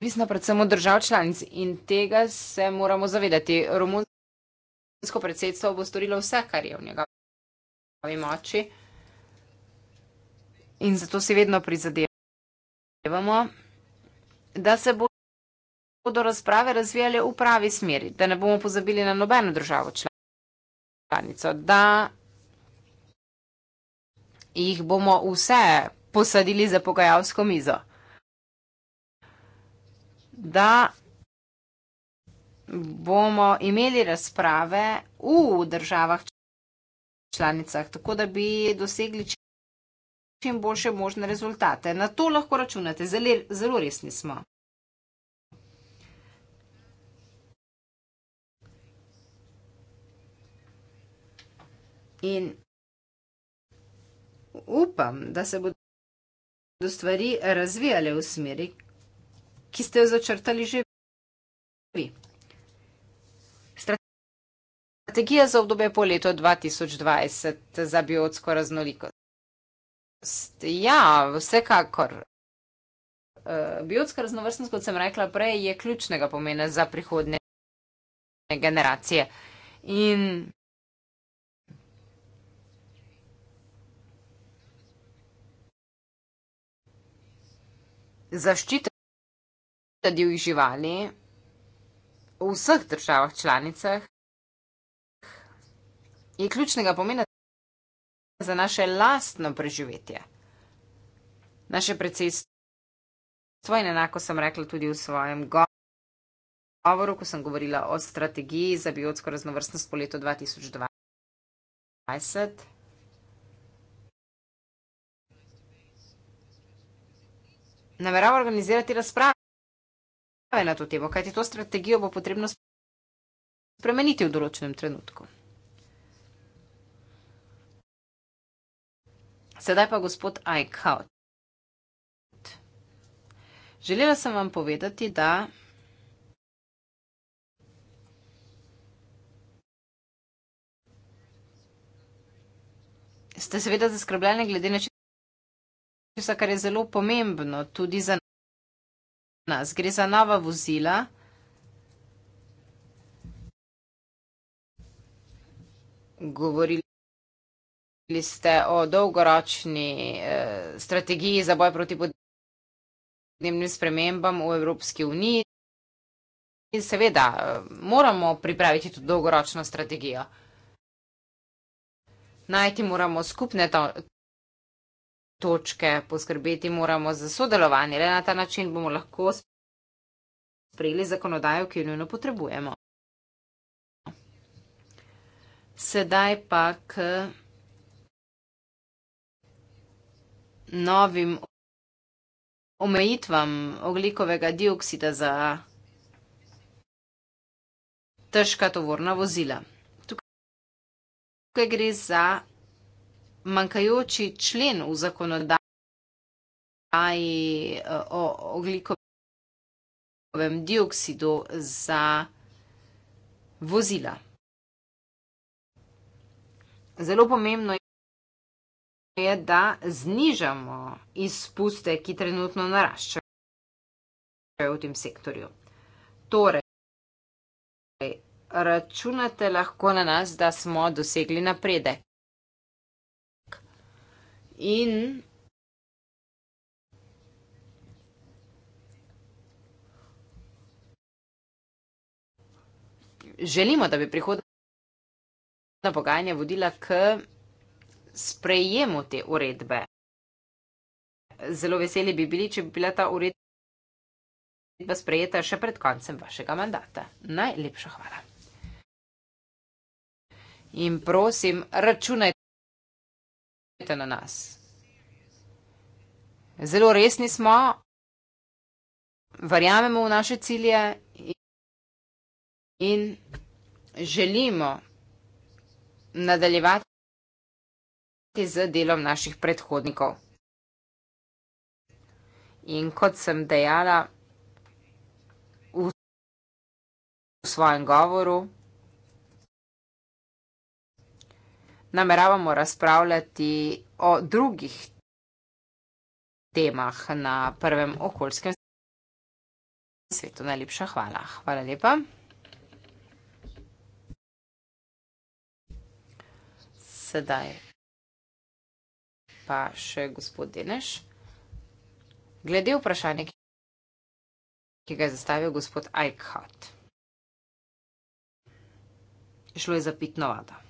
odvisna predvsem od držav članic in tega se moramo zavedati. Romunsko predsedstvo bo storilo vse, kar je v njegovi moči in zato si vedno prizadevamo, da se bo bodo razprave razvijale v pravi smeri, da ne bomo pozabili na nobeno državo članico, da jih bomo vse posadili za pogajalsko mizo. Da bomo imeli razprave v državah članicah, tako da bi dosegli čim boljše možne rezultate. Na to lahko računate, zelo, zelo resni smo. In upam, da se bodo stvari razvijale v smeri, ki ste jo začrtali že vi. Strategija za obdobje po leto 2020 za biotsko raznolikost. Ja, vsekakor. Eh, biotska raznovrstnost, kot sem rekla prej, je ključnega pomena za prihodnje generacije. In zaščita divjih živali v vseh državah članicah je ključnega pomena za naše lastno preživetje. Naše predsedstvo in enako sem rekla tudi v svojem govoru, ko sem govorila o strategiji za biotsko raznovrstnost po letu 2020. namerava organizirati razprave na to temo, kajti to strategijo bo potrebno spremeniti v določenem trenutku. Sedaj pa gospod Eichhout. Želela sem vam povedati, da ste seveda zaskrbljeni glede na čisto nekaj, kar je zelo pomembno tudi za nas. Gre za nova vozila. Govorili ste o dolgoročni eh, strategiji za boj proti podnebnim spremembam v Evropski uniji. In seveda, eh, moramo pripraviti tudi dolgoročno strategijo. Najti moramo skupne to, točke poskrbeti moramo za sodelovanje. Le na ta način bomo lahko sprejeli zakonodajo, ki jo nujno potrebujemo. Sedaj pa k novim omejitvam oglikovega dioksida za težka tovorna vozila. Tukaj gre za manjkajoči člen v zakonodaji eh, o oglikovem dioksidu za vozila. Zelo pomembno je, da znižamo izpuste, ki trenutno naraščajo v tem sektorju. Torej, računate lahko na nas, da smo dosegli napredek in želimo, da bi prihodna pogajanja vodila k sprejemu te uredbe. Zelo veseli bi bili, če bi bila ta uredba sprejeta še pred koncem vašega mandata. Najlepša hvala. In prosim, računajte pazite na nas. Zelo resni smo, verjamemo v naše cilje in želimo nadaljevati z delom naših predhodnikov. In kot sem dejala v svojem govoru, nameravamo razpravljati o drugih temah na prvem okoljskem svetu. Najlepša hvala. Hvala lepa. Sedaj pa še gospod Deneš. Glede vprašanja, ki ga je zastavil gospod Eichhardt. Šlo je za pitno vado.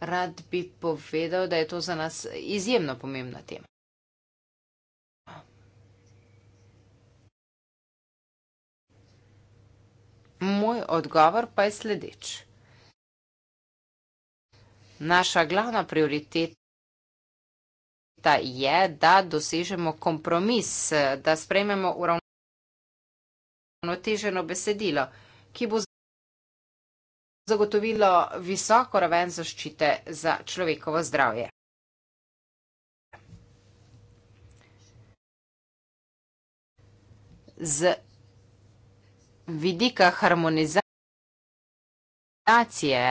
rad bi povedal, da je to za nas izjemno pomembna tema. Moj odgovor pa je sledeč. Naša glavna prioriteta je, da dosežemo kompromis, da sprejmemo uravnoteženo besedilo, ki bo zelo zagotovilo visoko raven zaščite za človekovo zdravje. Z vidika harmonizacije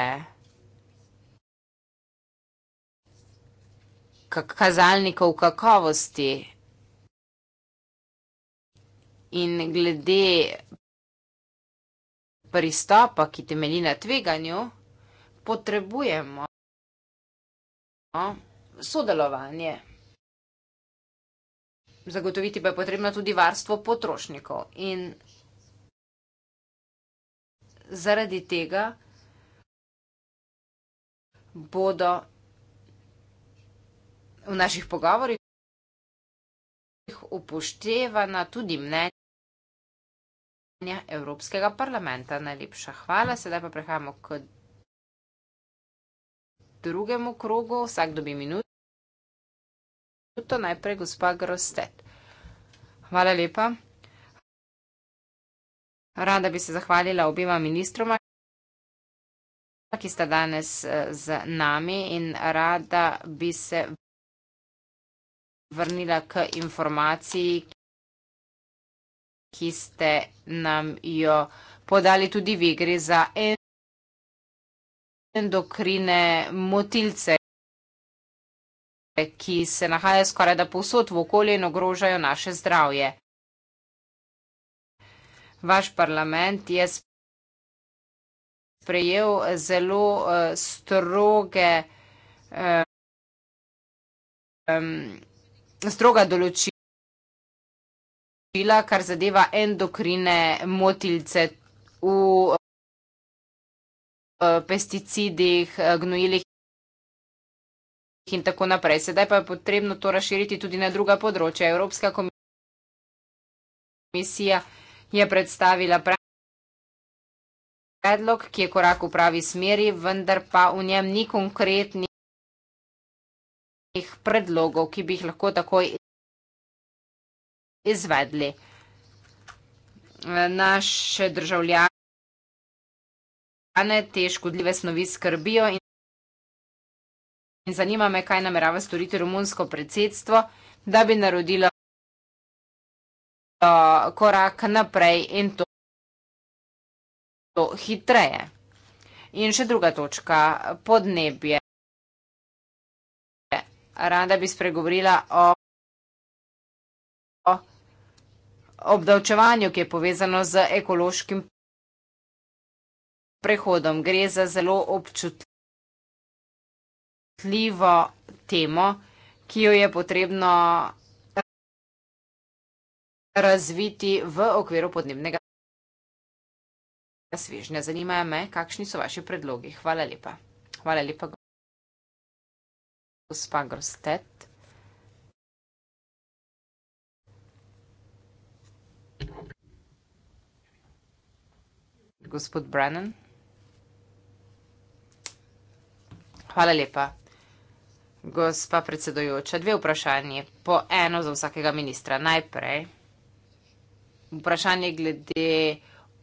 kazalnikov kakovosti in glede pristopa, ki temelji na tveganju, potrebujemo sodelovanje. Zagotoviti pa je potrebno tudi varstvo potrošnikov in zaradi tega bodo v naših pogovorih upoštevana tudi mnenja delovanja Evropskega parlamenta. Najlepša hvala, sedaj pa prehajamo k drugemu krogu, vsak dobi minuto. Najprej gospa Grostet. Hvala lepa. Rada bi se zahvalila obima ministroma, ki sta danes eh, z nami in rada bi se vrnila k informaciji, ki ste nam jo podali tudi vi. Gre za endokrine motilce, ki se nahajajo skoraj da povsod v okolje in ogrožajo naše zdravje. Vaš parlament je sprejel eh, zelo eh, stroge, eh, stroga določila, zdravila, kar zadeva endokrine motilce v eh, pesticidih, eh, gnojilih in tako naprej. Sedaj pa je potrebno to razširiti tudi na druga področja. Evropska komisija je predstavila predlog, ki je korak v pravi smeri, vendar pa v njem ni konkretnih predlogov, ki bi jih lahko takoj izgledali izvedli. Naš državljane te škodljive snovi skrbijo in zanima me, kaj namerava storiti rumunsko predsedstvo, da bi narodilo korak naprej in to hitreje. In še druga točka, podnebje. Rada bi spregovorila o obdavčevanju, ki je povezano z ekološkim prehodom. Gre za zelo občutljivo temo, ki jo je potrebno razviti v okviru podnebnega svežnja. Zanimajo me, kakšni so vaši predlogi. Hvala lepa. Hvala lepa, gospa Grostet. gospod Brennan. Hvala lepa. Gospa predsedojoča, dve vprašanje, po eno za vsakega ministra. Najprej vprašanje glede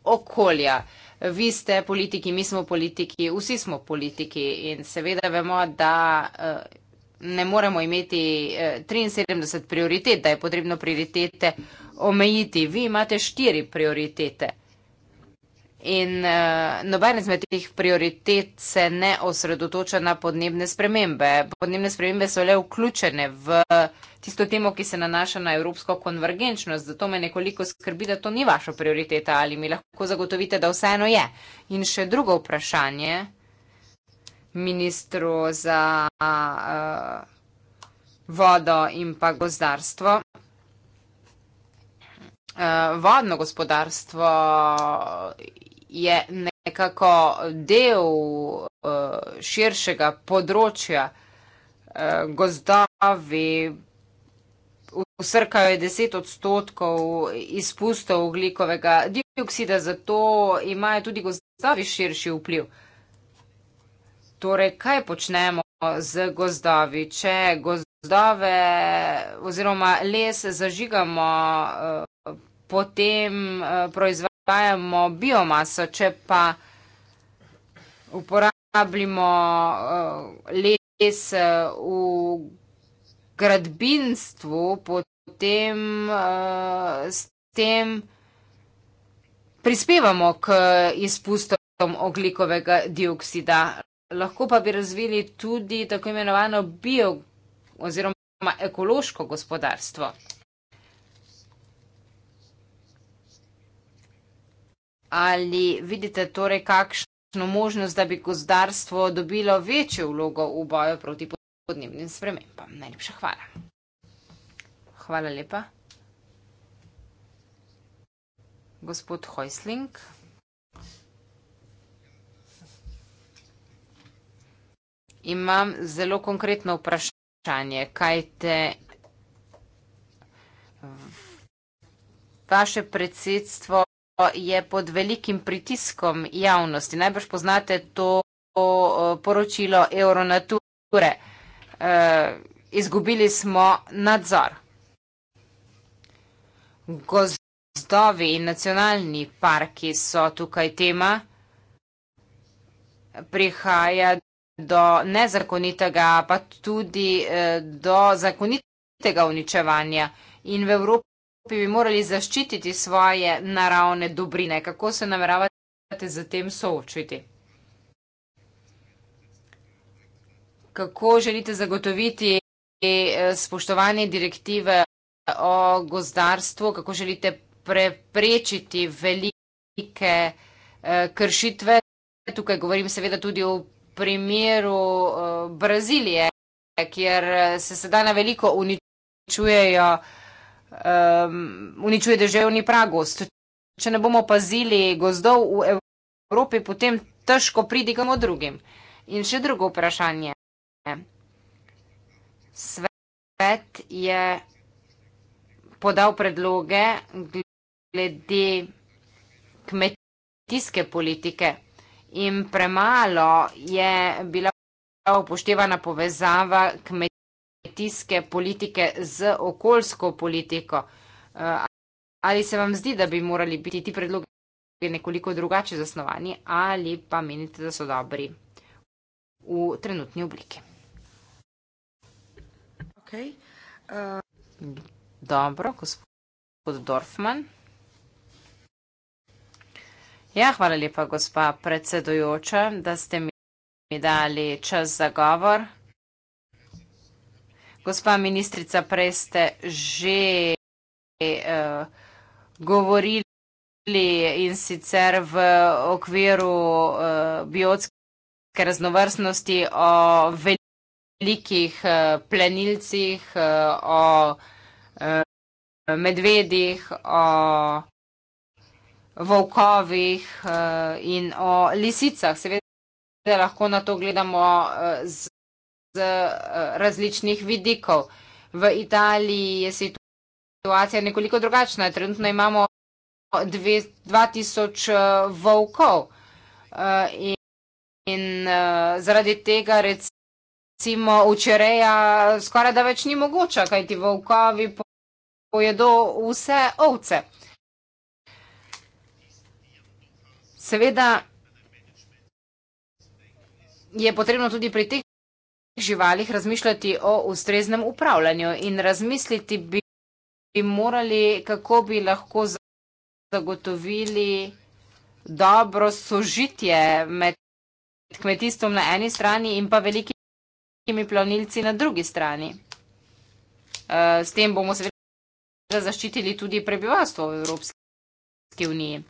okolja. Vi ste politiki, mi smo politiki, vsi smo politiki in seveda vemo, da eh, ne moremo imeti 73 eh, prioritet, da je potrebno prioritete omejiti. Vi imate štiri prioritete. In uh, eh, noben izmed teh prioritet se ne osredotoča na podnebne spremembe. Podnebne spremembe so le vključene v tisto temo, ki se nanaša na evropsko konvergenčnost. Zato me nekoliko skrbi, da to ni vaša prioriteta ali mi lahko zagotovite, da vseeno je. In še drugo vprašanje ministru za uh, vodo in pa gozdarstvo. Uh, vodno gospodarstvo je nekako del eh, širšega področja eh, gozdavi, usrkajo je 10 odstotkov izpustov oglikovega dioksida, zato imajo tudi gozdavi širši vpliv. Torej, kaj počnemo z gozdavi? Če gozdave oziroma les zažigamo, eh, potem proizvajamo, dajemo biomaso, če pa uporabljamo eh, les eh, v gradbinstvu, potem eh, s tem prispevamo k izpustom oglikovega dioksida. Lahko pa bi razvili tudi tako imenovano bio oziroma ekološko gospodarstvo. Ali vidite torej kakšno možnost, da bi gozdarstvo dobilo večjo vlogo v boju proti podnebnim spremembam? Najlepša hvala. Hvala lepa. Gospod Hojsling. Imam zelo konkretno vprašanje, kaj te vaše predsedstvo je pod velikim pritiskom javnosti. Najbrž poznate to poročilo Euronature. E, izgubili smo nadzor. Gozdovi in nacionalni parki so tukaj tema. Prihaja do nezakonitega, pa tudi e, do zakonitega uničevanja. In v Evropi Evropi bi morali zaščititi svoje naravne dobrine. Kako se nameravate z tem soočiti? Kako želite zagotoviti eh, spoštovanje direktive o gozdarstvu? Kako želite preprečiti velike eh, kršitve? Tukaj govorim seveda tudi o primeru eh, Brazilije, kjer se sedaj na veliko uničujejo vsega, um, uničuje deževni pragost. Če ne bomo pazili gozdov v Evropi, potem težko pridigamo drugim. In še drugo vprašanje. Svet je podal predloge glede kmetijske politike in premalo je bila upoštevana povezava kmetijske kmetijske politike z okoljsko politiko. Eh, ali se vam zdi, da bi morali biti ti predlogi nekoliko drugače zasnovani ali pa menite, da so dobri v trenutni obliki? Okay. Uh... Eh. Dobro, gospod Dorfman. Ja, hvala lepa, gospa predsedujoča, da ste mi dali čas za govor. Gospa ministrica, prej ste že uh, govorili in sicer v okviru uh, biotske raznovrstnosti o velikih uh, plenilcih, uh, o uh, medvedih, o volkovih uh, in o lisicah. Seveda lahko na to gledamo uh, z. Eh, različnih vidikov. V Italiji je situacija nekoliko drugačna. Trenutno imamo 2000 eh, volkov eh, in zaradi tega recimo včereja skoraj da več ni mogoča, kaj ti volkovi pojedo vse ovce. Seveda je potrebno tudi pri teh živalih razmišljati o ustreznem upravljanju in razmisliti bi, bi morali, kako bi lahko zagotovili dobro sožitje med kmetijstvom na eni strani in pa velikimi plavnilci na drugi strani. E, s tem bomo seveda zaščitili tudi prebivalstvo v Evropski uniji.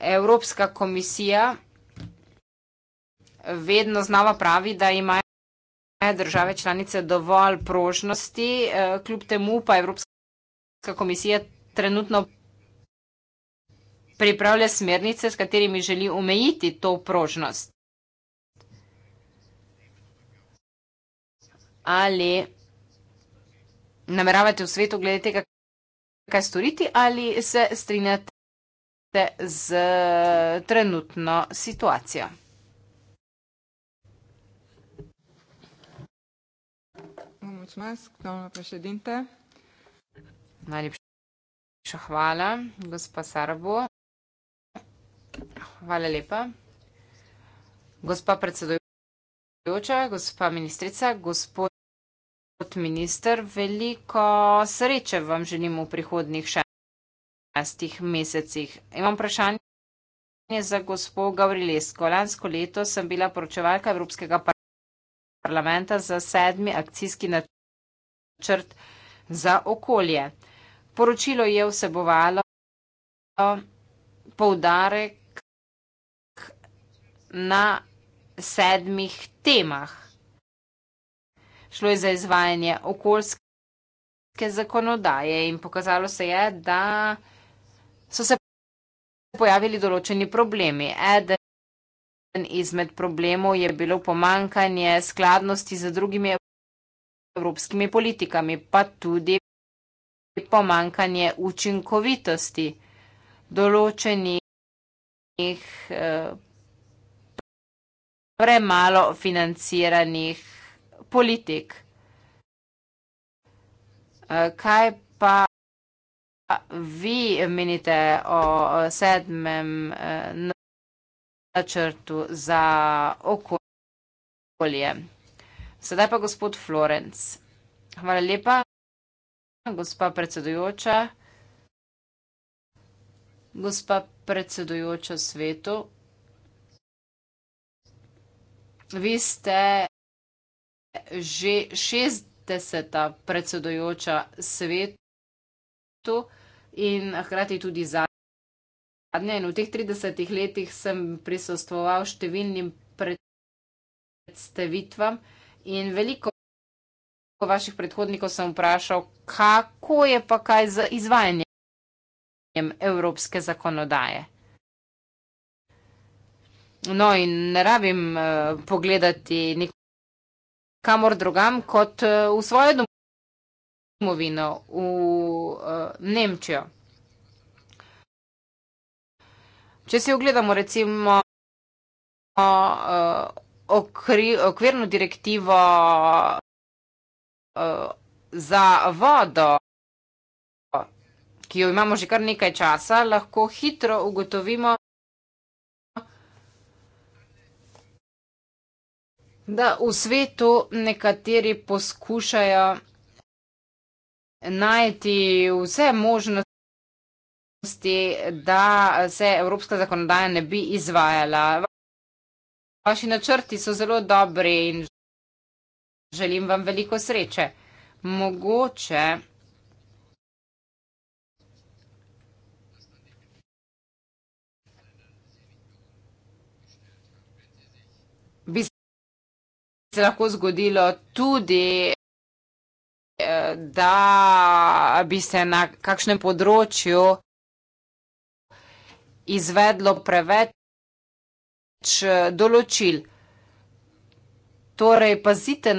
Evropska komisija vedno znova pravi, da imajo države članice dovolj prožnosti, eh, kljub temu pa Evropska komisija trenutno pripravlja smernice, s katerimi želi omejiti to prožnost. Ali nameravate v svetu glede tega, kaj storiti, ali se strinjate z eh, trenutno situacijo? doamnă președinte. Najlepša hvala, gospa Sarbo. Hvala lepa. Gospa predsedujoča, gospa ministrica, gospod minister, veliko sreče vam želim v prihodnih šestih mesecih. Imam vprašanje za gospod Gavrilesko. Lansko leto sem bila poročevalka Evropskega parlamenta za sedmi akcijski načrt načrt za okolje. Poročilo je vsebovalo poudarek na sedmih temah. Šlo je za izvajanje okoljske zakonodaje in pokazalo se je, da so se pojavili določeni problemi. Eden izmed problemov je bilo pomankanje skladnosti za drugimi evropskimi politikami, pa tudi pomankanje učinkovitosti določenih eh, premalo financiranih politik. Eh, kaj pa vi menite o sedmem eh, načrtu za okolje? Sedaj pa gospod Florenc. Hvala lepa, gospa predsedujoča. Gospa predsedujoča svetu, vi ste že 60. predsedujoča svetu in hkrati tudi zadnja. In v teh 30 letih sem prisostoval številnim predstavitvam. Uh, In veliko vaših predhodnikov sem vprašal, kako je pa kaj z izvajanjem evropske zakonodaje. No, in ne rabim uh, pogledati nikamor drugam kot uh, v svojo domovino, v uh, Nemčijo. Če si ogledamo recimo uh, okri, okvirno direktivo uh, za vodo, ki jo imamo že kar nekaj časa, lahko hitro ugotovimo, da v svetu nekateri poskušajo najti vse možnosti da se evropska zakonodaja ne bi izvajala. Vaši načrti so zelo dobri in želim vam veliko sreče. Mogoče bi se lahko zgodilo tudi, eh, da bi se na kakšnem področju izvedlo preveč več eh, določil. Torej, pazite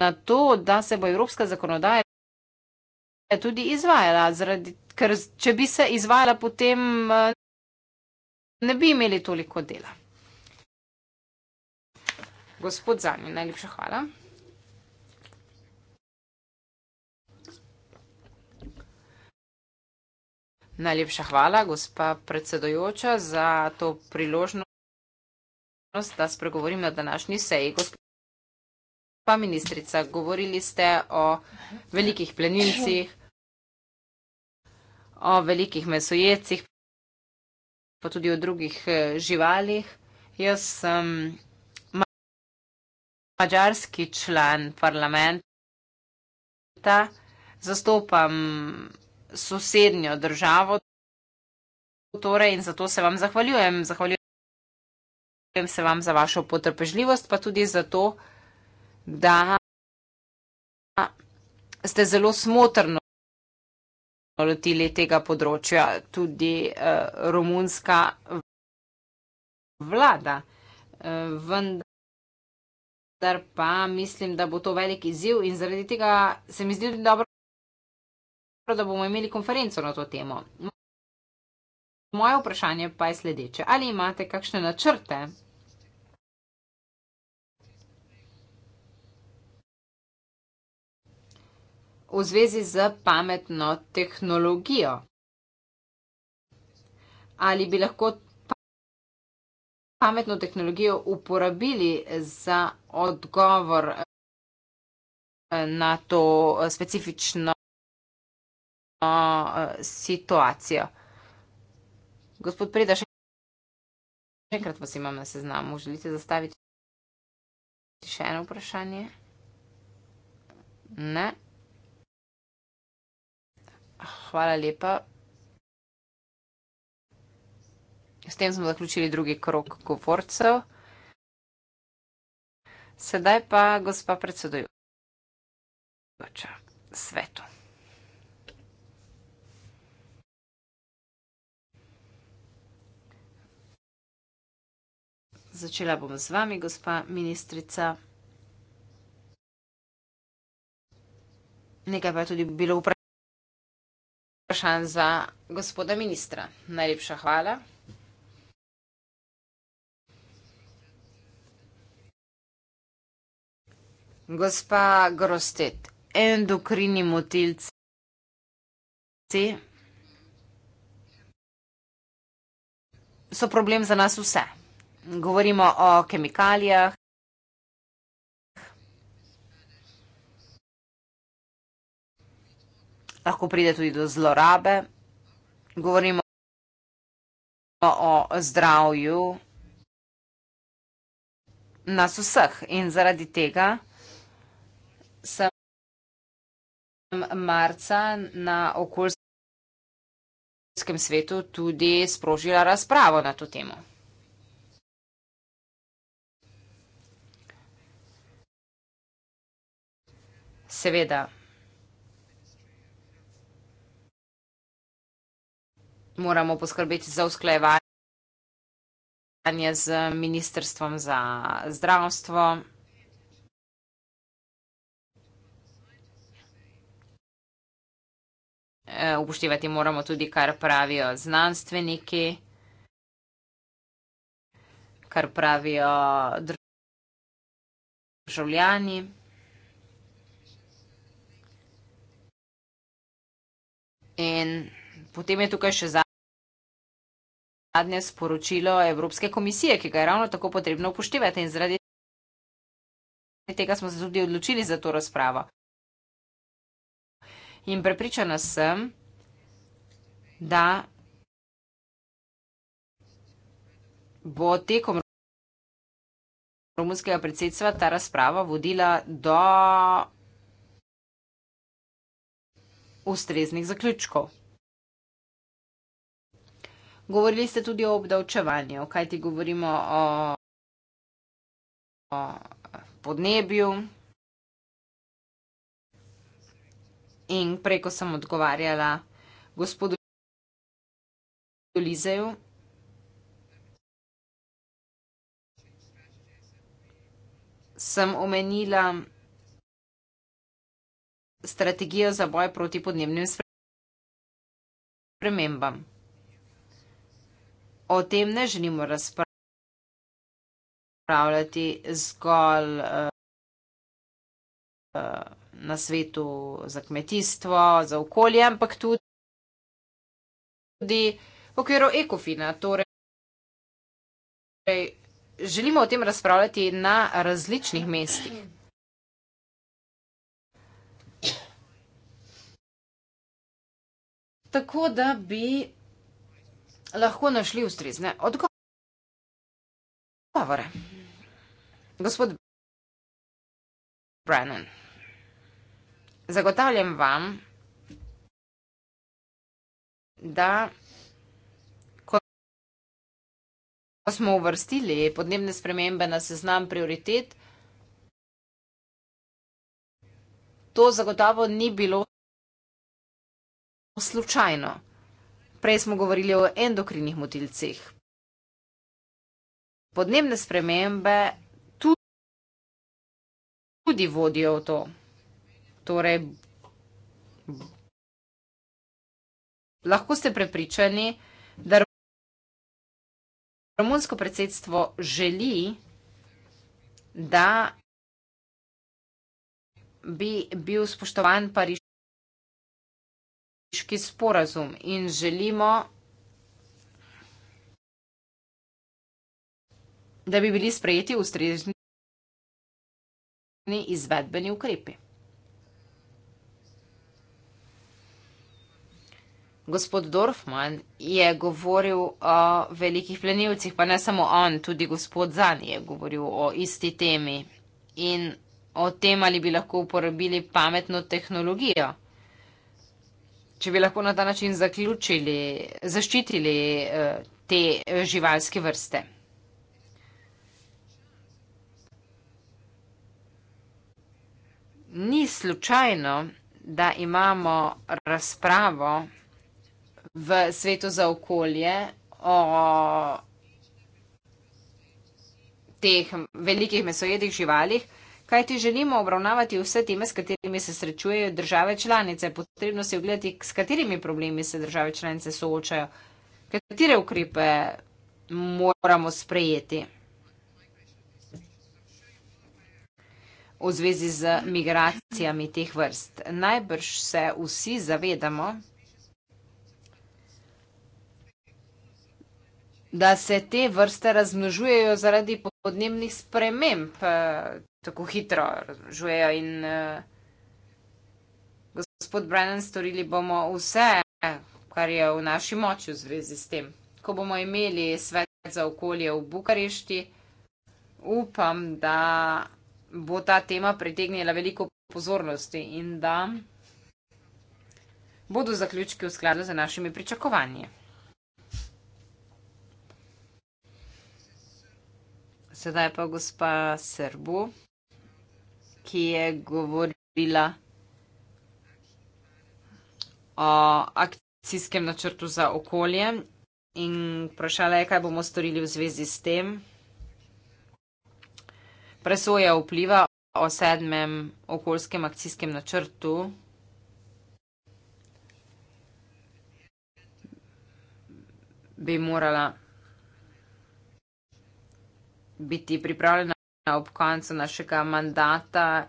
na to, da se bo evropska zakonodaja tudi izvajala, zaradi, ker če bi se izvajala, potem eh, ne bi imeli toliko dela. Gospod Zani, najlepša hvala. Najlepša hvala, gospa predsedojoča, za to priložnost, da spregovorim na današnji seji. Gospa ministrica, govorili ste o velikih plenilcih, o velikih mesojecih, pa tudi o drugih eh, živalih. Jaz sem mađarski član parlamenta, zastopam sosednjo državo. Torej in zato se vam zahvaljujem. Zahvaljujem se vam za vašo potrpežljivost, pa tudi za to, da ste zelo smotrno lotili tega področja. Tudi uh, romunska vlada. Uh, vendar pa mislim, da bo to velik izziv in zaradi tega se mi zdi dobro dobro, da bomo imeli konferenco na to temo. Moje vprašanje pa je sledeče. Ali imate kakšne načrte? V zvezi z pametno tehnologijo. Ali bi lahko pametno tehnologijo uporabili za odgovor eh, na to eh, specifično uh, situacijo. Gospod Preda, še enkrat vas imam na seznamu. Želite zastaviti še eno vprašanje? Ne. Hvala lepa. S tem smo zaključili drugi krok govorcev. Sedaj pa gospa predsedujoča svetu. Začela bom z vami, gospa ministrica. Nekaj pa je tudi bilo vprašanj za gospoda ministra. Najlepša hvala. Gospa Grostet, endokrini motilci. So problem za nas vse govorimo o kemikalijah, lahko pride tudi do zlorabe, govorimo o zdravju nas vseh in zaradi tega sem marca na okoljskem svetu tudi sprožila razpravo na to temo. Seveda. Moramo poskrbeti za usklajevanje z Ministrstvom za zdravstvo. Eh, upoštevati moramo tudi, kar pravijo znanstveniki, kar pravijo državljani. In potem je tukaj še zadnje sporočilo Evropske komisije, ki ga je ravno tako potrebno upoštevati in zaradi tega smo se tudi odločili za to razpravo. In prepričana sem, da bo tekom romunskega predsedstva ta razprava vodila do ustreznih zaključkov. Govorili ste tudi o obdavčevanju, kaj ti govorimo o, o podnebju. In preko sem odgovarjala gospodu Lizeju. Sem omenila, da strategijo za boj proti podnebnim spremembam. O tem ne želimo razpravljati zgolj uh, na svetu za kmetijstvo, za okolje, ampak tudi, tudi v okviru ekofina. Torej, želimo o tem razpravljati na različnih mestih. tako da bi lahko našli ustrezne odgovore. Gospod Brennan, zagotavljam vam, da ko smo uvrstili podnebne spremembe na seznam prioritet, to zagotavo ni bilo slučajno. Prej smo govorili o endokrinih motilcih. Podnebne spremembe tudi vodijo v to. Torej, lahko ste prepričani, da romunsko predsedstvo želi, da bi bil spoštovan pari pariški sporazum in želimo, da bi bili sprejeti ustrezni izvedbeni ukrepi. Gospod Dorfman je govoril o velikih plenilcih, pa ne samo on, tudi gospod Zani je govoril o isti temi in o tem, ali bi lahko uporabili pametno tehnologijo če bi lahko na ta način zaključili, zaščitili eh, te eh, živalske vrste. Ni slučajno, da imamo razpravo v svetu za okolje o teh velikih mesojedih živalih, kaj ti želimo obravnavati vse teme, s katerimi se srečujejo države članice. Potrebno si ogledati, s katerimi problemi se države članice soočajo, katere ukrepe moramo sprejeti v zvezi z migracijami teh vrst. Najbrž se vsi zavedamo, da se te vrste razmnožujejo zaradi podnebnih sprememb tako hitro razložujejo. In uh, gospod Brennan, storili bomo vse, kar je v naši moči v zvezi s tem. Ko bomo imeli svet za okolje v Bukarešti, upam, da bo ta tema pritegnila veliko pozornosti in da bodo zaključki v skladu z našimi pričakovanji. Sedaj pa gospa Srbu ki je govorila o akcijskem načrtu za okolje in vprašala je, kaj bomo storili v zvezi s tem. Presoja vpliva o sedmem okoljskem akcijskem načrtu bi morala biti pripravljena ob koncu našega mandata.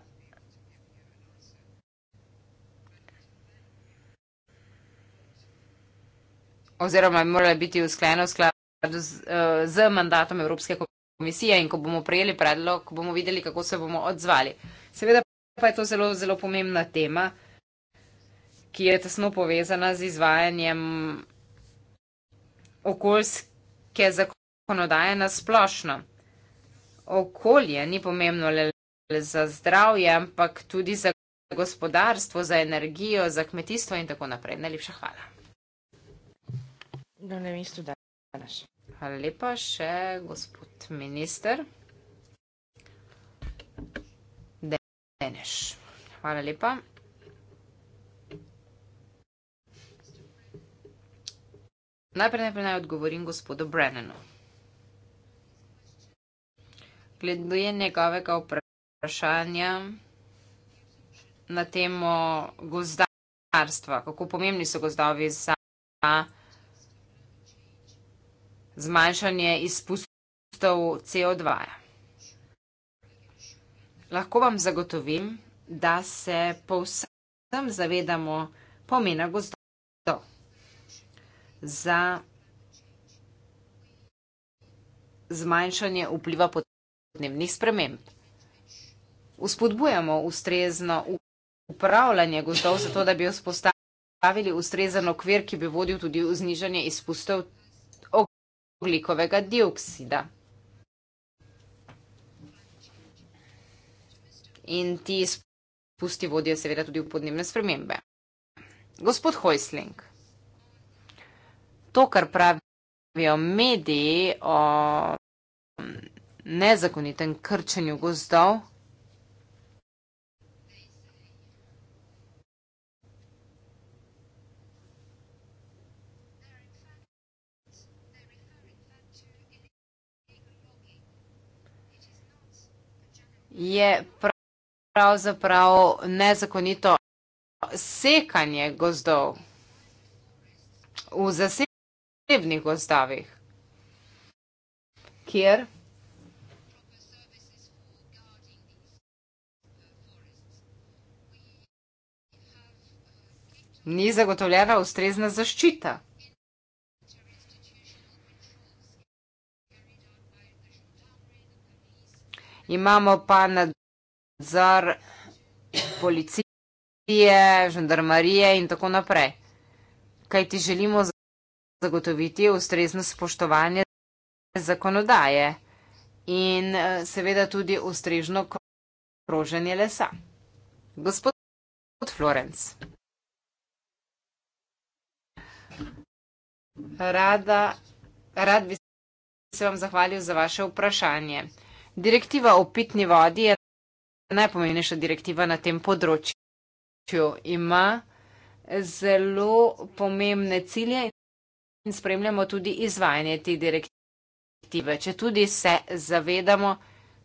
Oziroma, morali biti usklajeno v skladu z, eh, z mandatom Evropske komisije in ko bomo prejeli predlog, bomo videli, kako se bomo odzvali. Seveda pa je to zelo, zelo pomembna tema, ki je tesno povezana z izvajanjem okoljske zakonodaje na splošno okolje ni pomembno le za zdravje, ampak tudi za gospodarstvo, za energijo, za kmetijstvo in tako naprej. Najlepša hvala. Na mestu danes. Hvala lepa še gospod minister. Deneš. Hvala lepa. Najprej naj odgovorim gospodu Brennanu glede njegovega vprašanja na temo gozdarstva, kako pomembni so gozdovi za zmanjšanje izpustov CO2. Lahko vam zagotovim, da se povsem zavedamo pomena gozdov za zmanjšanje vpliva potrebnosti podnebnih sprememb. Uspodbujamo ustrezno upravljanje gozdov zato, da bi vzpostavili ustrezen okvir, ki bi vodil tudi v znižanje izpustov oglikovega dioksida. In ti izpusti vodijo seveda tudi v podnebne spremembe. Gospod Hojsling, to, kar pravijo mediji o nezakonitem krčenju gozdov, je pravzaprav nezakonito sekanje gozdov v zasebnih gozdavih, kjer ni zagotovljena ustrezna zaščita. Imamo pa nadzor policije, žandarmarije in tako naprej. Kaj ti želimo zagotoviti ustrezno spoštovanje zakonodaje in eh, seveda tudi ustrežno kroženje lesa. Gospod Florenc. Rada, rad bi se vam zahvalil za vaše vprašanje. Direktiva o pitni vodi je najpomembnejša direktiva na tem področju. Ima zelo pomembne cilje in spremljamo tudi izvajanje te direktive. Če tudi se zavedamo,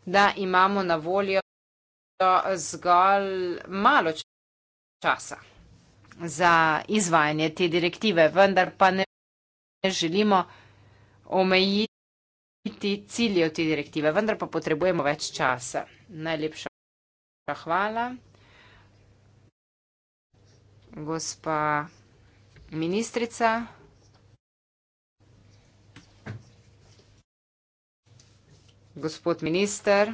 da imamo na voljo zgolj malo časa za izvajanje te direktive, vendar pa ne želimo omejiti ciljev te direktive, vendar pa potrebujemo več časa. Najlepša hvala. Gospa ministrica. Gospod minister,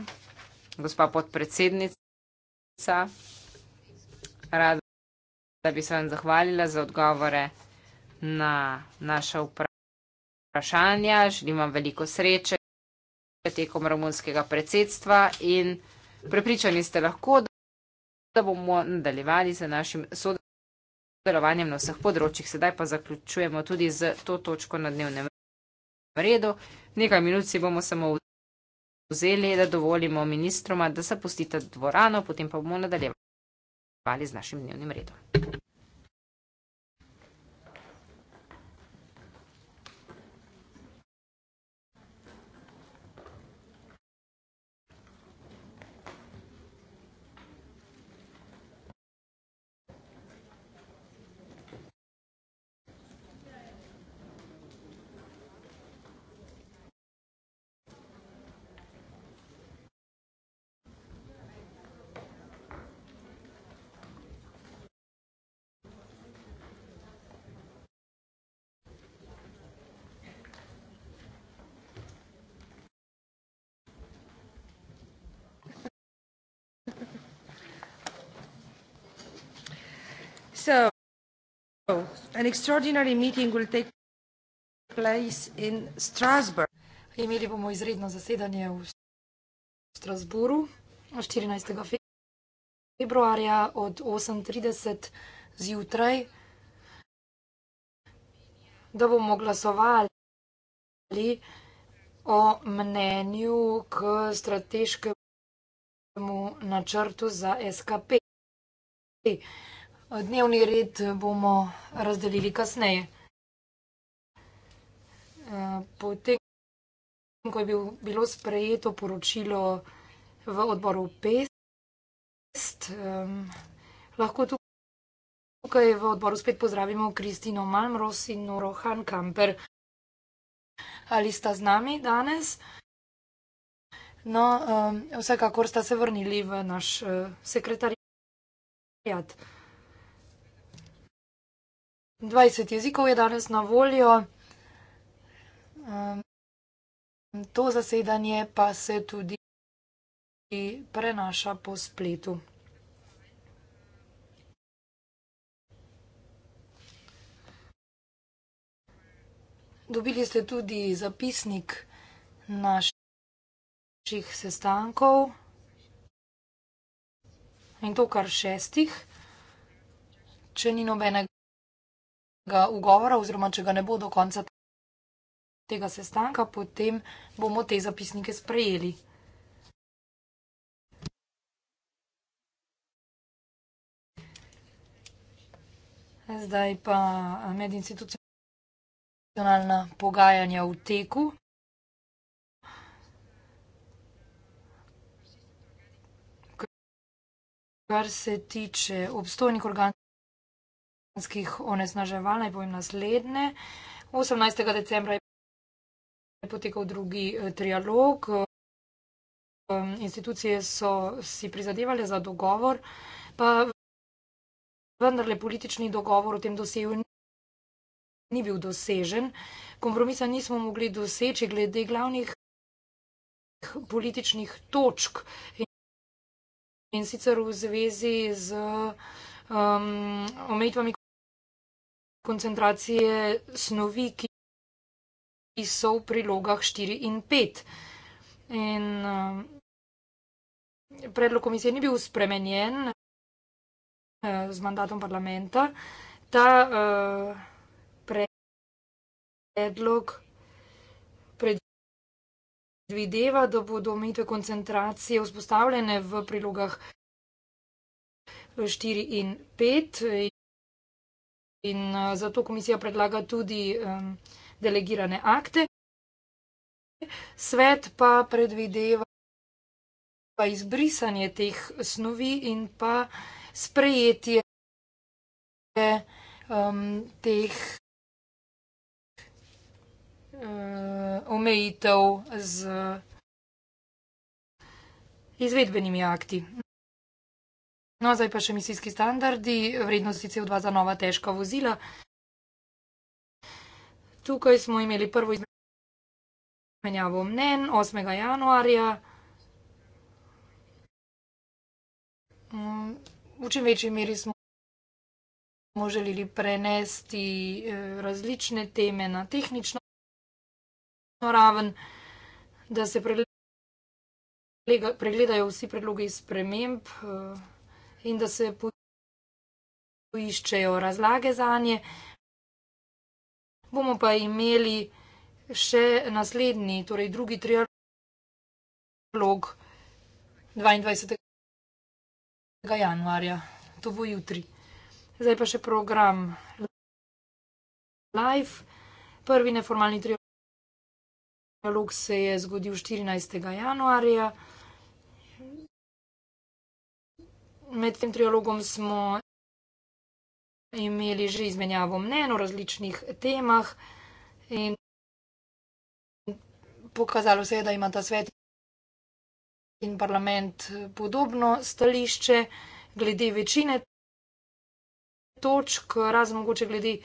gospa podpredsednica, rada bi se vam zahvalila za odgovore na naša vprašanja. Želim vam veliko sreče tekom romunskega predsedstva in prepričani ste lahko, da bomo nadaljevali z našim sodelovanjem na vseh področjih. Sedaj pa zaključujemo tudi z to točko na dnevnem redu. Nekaj minut si bomo samo vzeli, da dovolimo ministroma, da se pustite dvorano, potem pa bomo nadaljevali z našim dnevnim redom. So, an extraordinary meeting will take place in Strasbourg. Imeli bomo izredno zasedanje v Strasburu 14. februarja od 8.30 zjutraj, da bomo glasovali o mnenju k strateškemu načrtu za SKP. Dnevni red bomo razdelili kasneje. Eh, potem, ko je bilo sprejeto poročilo v odboru PEST, lahko tukaj v odboru spet pozdravimo Kristino Malmros in Noro Han Kamper. Ali sta z nami danes? No, vsekakor sta se vrnili v naš eh, sekretarijat. 20 jezikov je danes na voljo. To zasedanje pa se tudi prenaša po spletu. Dobili ste tudi zapisnik naših sestankov in to kar šestih. Če ni nobenega tega ugovora oziroma če ga ne bo do konca tega sestanka, potem bomo te zapisnike sprejeli. Zdaj pa eh, medinstitucionalna pogajanja v teku. Kar se tiče obstojnih organov, okoljskih onesnaževal, naj povem naslednje. 18. decembra je potekal drugi eh, trialog. Institucije so si prizadevali za dogovor, pa vendar le politični dogovor v tem dosegu ni bil dosežen. Kompromisa nismo mogli doseči glede glavnih političnih točk in sicer v zvezi z um, omejitvami koncentracije snovi, ki so v prilogah 4 in 5. In, um, predlog komisije ni bil spremenjen uh, z mandatom parlamenta. Ta uh, predlog predvideva, da bodo omejitve koncentracije vzpostavljene v prilogah 4 in 5. In in eh, zato komisija predlaga tudi delegirane akte. Svet pa predvideva pa izbrisanje teh snovi in pa sprejetje um, teh um, omejitev z izvedbenimi akti. No, zdaj pa še emisijski standardi, vrednosti CO2 za nova težka vozila. Tukaj smo imeli prvo izmenjavo mnen 8. januarja. V čem večji meri smo želeli prenesti eh, različne teme na tehnično raven, da se pregledajo vsi predlogi sprememb. Eh, in da se poiščejo razlage za nje. Bomo pa imeli še naslednji, torej drugi trialog 22. januarja, to bo jutri. Zdaj pa še program Life. Prvi neformalni trialog se je zgodil 14. januarja. med tem trialogom smo imeli že izmenjavo mnen o različnih temah in pokazalo se je, da ima ta svet in parlament podobno stališče glede večine točk, razen mogoče glede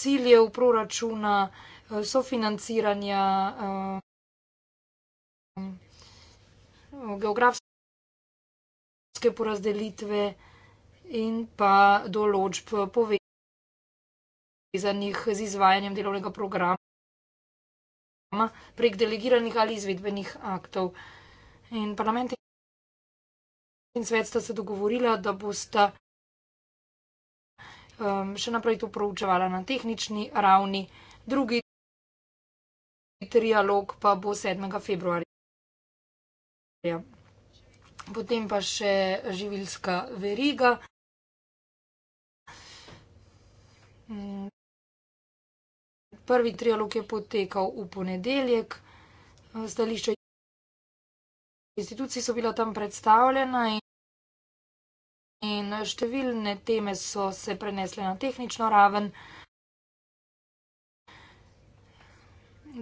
ciljev proračuna, sofinanciranja, eh, geografskega geografske porazdelitve in pa določb povezanih z izvajanjem delovnega programa prek delegiranih ali izvedbenih aktov. In parlament in svet sta se dogovorila, da bosta um, še naprej to proučevala na tehnični ravni. Drugi trialog pa bo 7. februarja potem pa še živilska veriga. Prvi trialog je potekal v ponedeljek, stališča institucij so bila tam predstavljena in, in številne teme so se prenesle na tehnično raven.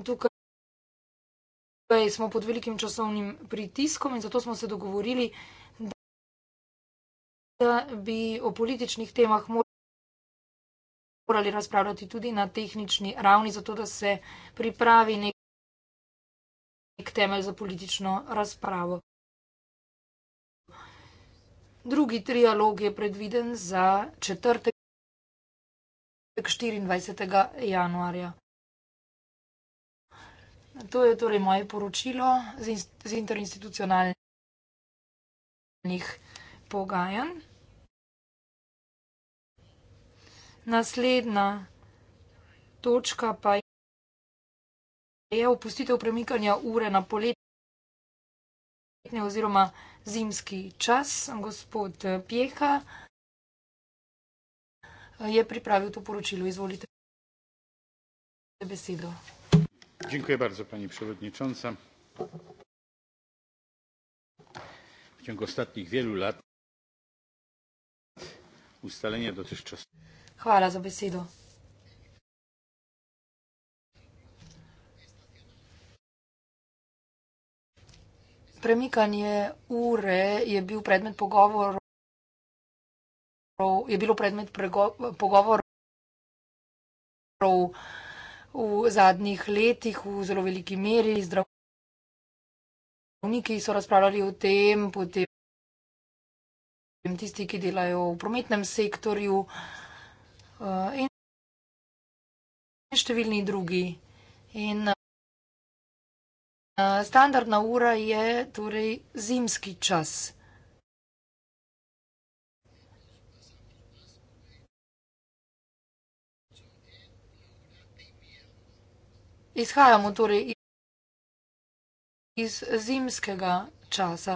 Tukaj Zdaj torej, smo pod velikim časovnim pritiskom in zato smo se dogovorili, da bi o političnih temah morali razpravljati tudi na tehnični ravni, zato da se pripravi nek, nek temelj za politično razpravo. Drugi trialog je predviden za četrtek 24. januarja. To je torej moje poročilo z interinstitucionalnih pogajanj. Naslednja točka pa je opustitev premikanja ure na poletni oziroma zimski čas. Gospod Pjeha je pripravil to poročilo. Izvolite besedo pani przewodnicząca! w ciągu ostatnich wielu lat ustalenia dotychczasowe premikanje ure je bil predmet pogovor je bilo predmet pogovorov v zadnjih letih v zelo veliki meri. Zdravniki so razpravljali o tem, potem tisti, ki delajo v prometnem sektorju eh, in številni drugi. In eh, standardna ura je torej zimski čas. Izhajamo torej iz zimskega časa.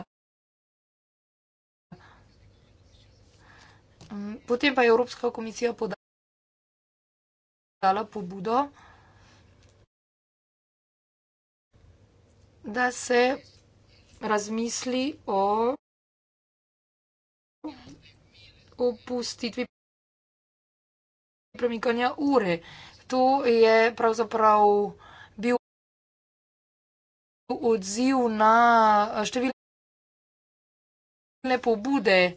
Potem pa je Evropska komisija podala pobudo, da se razmisli o opustitvi premikanja ure. To je pravzaprav vse odziv na eh, številne pobude eh,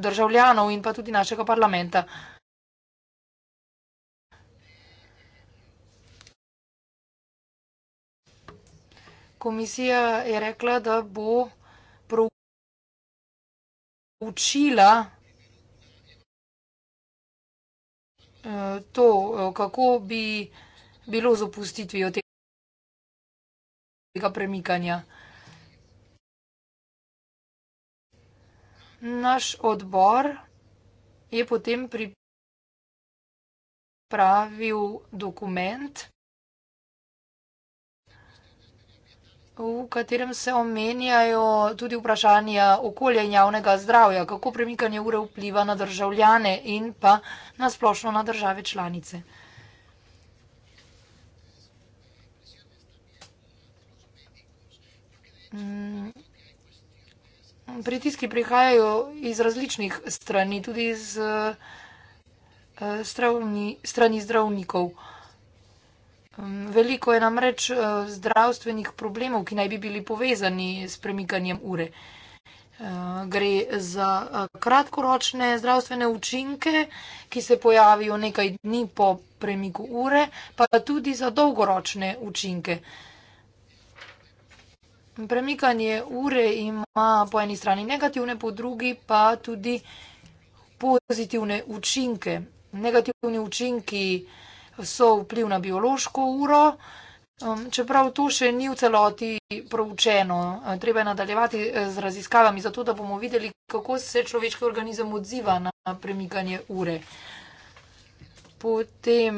državljanov in pa tudi našega parlamenta. Komisija je rekla, da bo proučila eh, to, kako bi bilo z opustitvijo tega tega premikanja. Naš odbor je potem pripravil dokument, v katerem se omenjajo tudi vprašanja okolja in javnega zdravja, kako premikanje ure vpliva na državljane in pa na splošno na države članice. Mm. Pritiski prihajajo iz različnih strani, tudi iz eh, strani, strani zdravnikov. Mm, veliko je namreč eh, zdravstvenih problemov, ki naj bi bili povezani s premikanjem ure. Eh, gre za kratkoročne zdravstvene učinke, ki se pojavijo nekaj dni po premiku ure, pa tudi za dolgoročne učinke. Premikanje ure ima po eni strani negativne, po drugi pa tudi pozitivne učinke. Negativni učinki so vpliv na biološko uro, um, čeprav to še ni v celoti proučeno. Treba je nadaljevati eh, z raziskavami, zato da bomo videli, kako se človeški organizem odziva na premikanje ure. Potem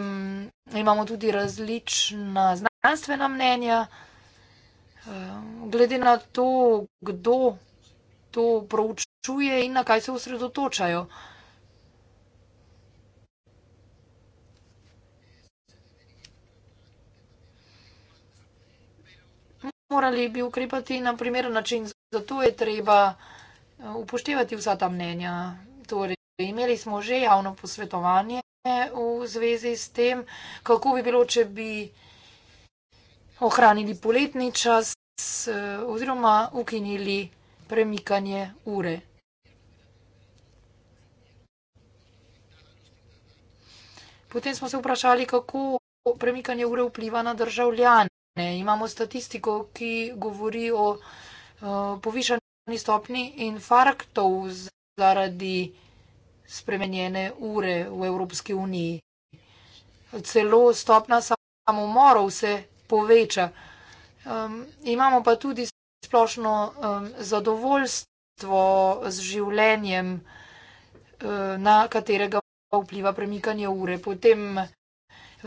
imamo tudi različna znanstvena mnenja. Eh, glede na to, kdo to proučuje in na kaj se osredotočajo. Morali bi ukrepati na primer način, zato je treba eh, upoštevati vsa ta mnenja. Torej, imeli smo že javno posvetovanje v zvezi s tem, kako bi bilo, če bi ohranili poletni čas eh, oziroma ukinili premikanje ure. Potem smo se vprašali, kako premikanje ure vpliva na državljane. Imamo statistiko, ki govori o eh, povišani stopni infarktov zaradi spremenjene ure v Evropski uniji. Celo stopna samomorov se poveča. Um, imamo pa tudi splošno um, zadovoljstvo z življenjem, um, na katerega vpliva premikanje ure. Potem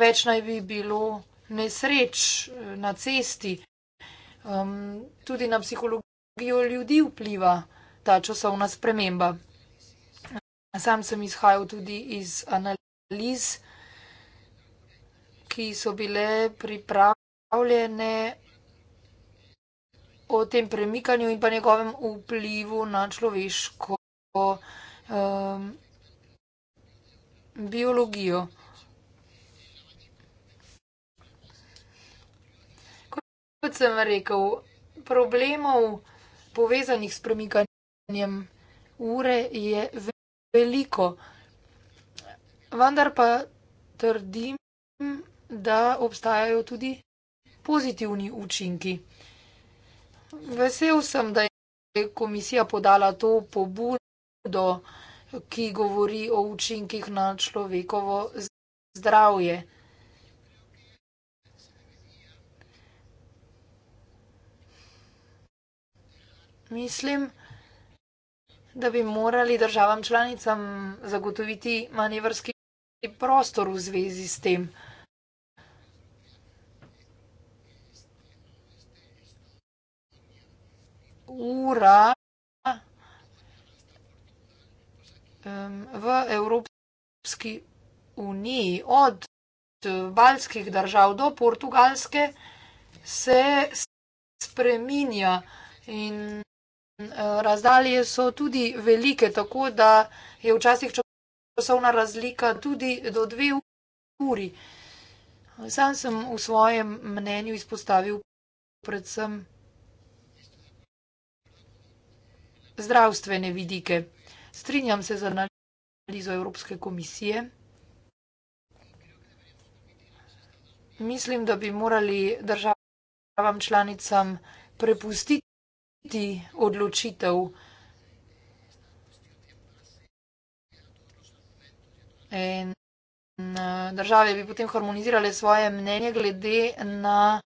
več naj bi bilo nesreč uh, na cesti, um, tudi na psihologijo ljudi vpliva ta časovna sprememba. Sam sem izhajal tudi iz analiz, ki so bile pripravljene predstavljene o tem premikanju in pa njegovem vplivu na človeško um, biologijo. Kot sem rekel, problemov povezanih s premikanjem ure je veliko. Vendar pa trdim, da obstajajo tudi pozitivni učinki. Vesel sem, da je komisija podala to pobudo, ki govori o učinkih na človekovo zdravje. Mislim, da bi morali državam članicam zagotoviti manevrski prostor v zvezi s tem. ura v Evropski uniji od eh, baljskih držav do portugalske se spreminja in eh, razdalje so tudi velike, tako da je včasih časovna razlika tudi do dve uri. Sam sem v svojem mnenju izpostavil predvsem vsega. zdravstvene vidike. Strinjam se z analizo Evropske komisije. Mislim, da bi morali državam članicam prepustiti odločitev in eh, države bi potem harmonizirale svoje mnenje glede na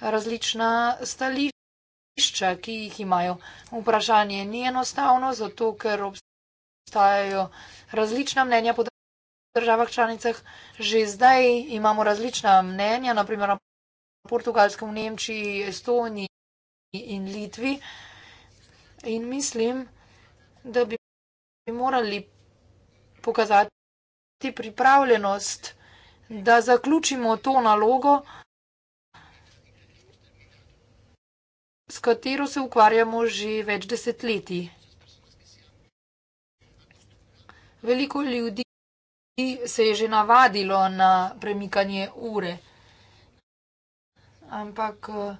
različna stališča stališča, ki jih imajo. Vprašanje ni enostavno, zato ker obstajajo različna mnenja po državah članicah. Že zdaj imamo različna mnenja, naprimer na Portugalskem, v Nemčiji, Estoniji in Litvi. In mislim, da bi morali pokazati pripravljenost, da zaključimo to nalogo. s katero se ukvarjamo že več desetletij. Veliko ljudi se je že navadilo na premikanje ure, ampak eh,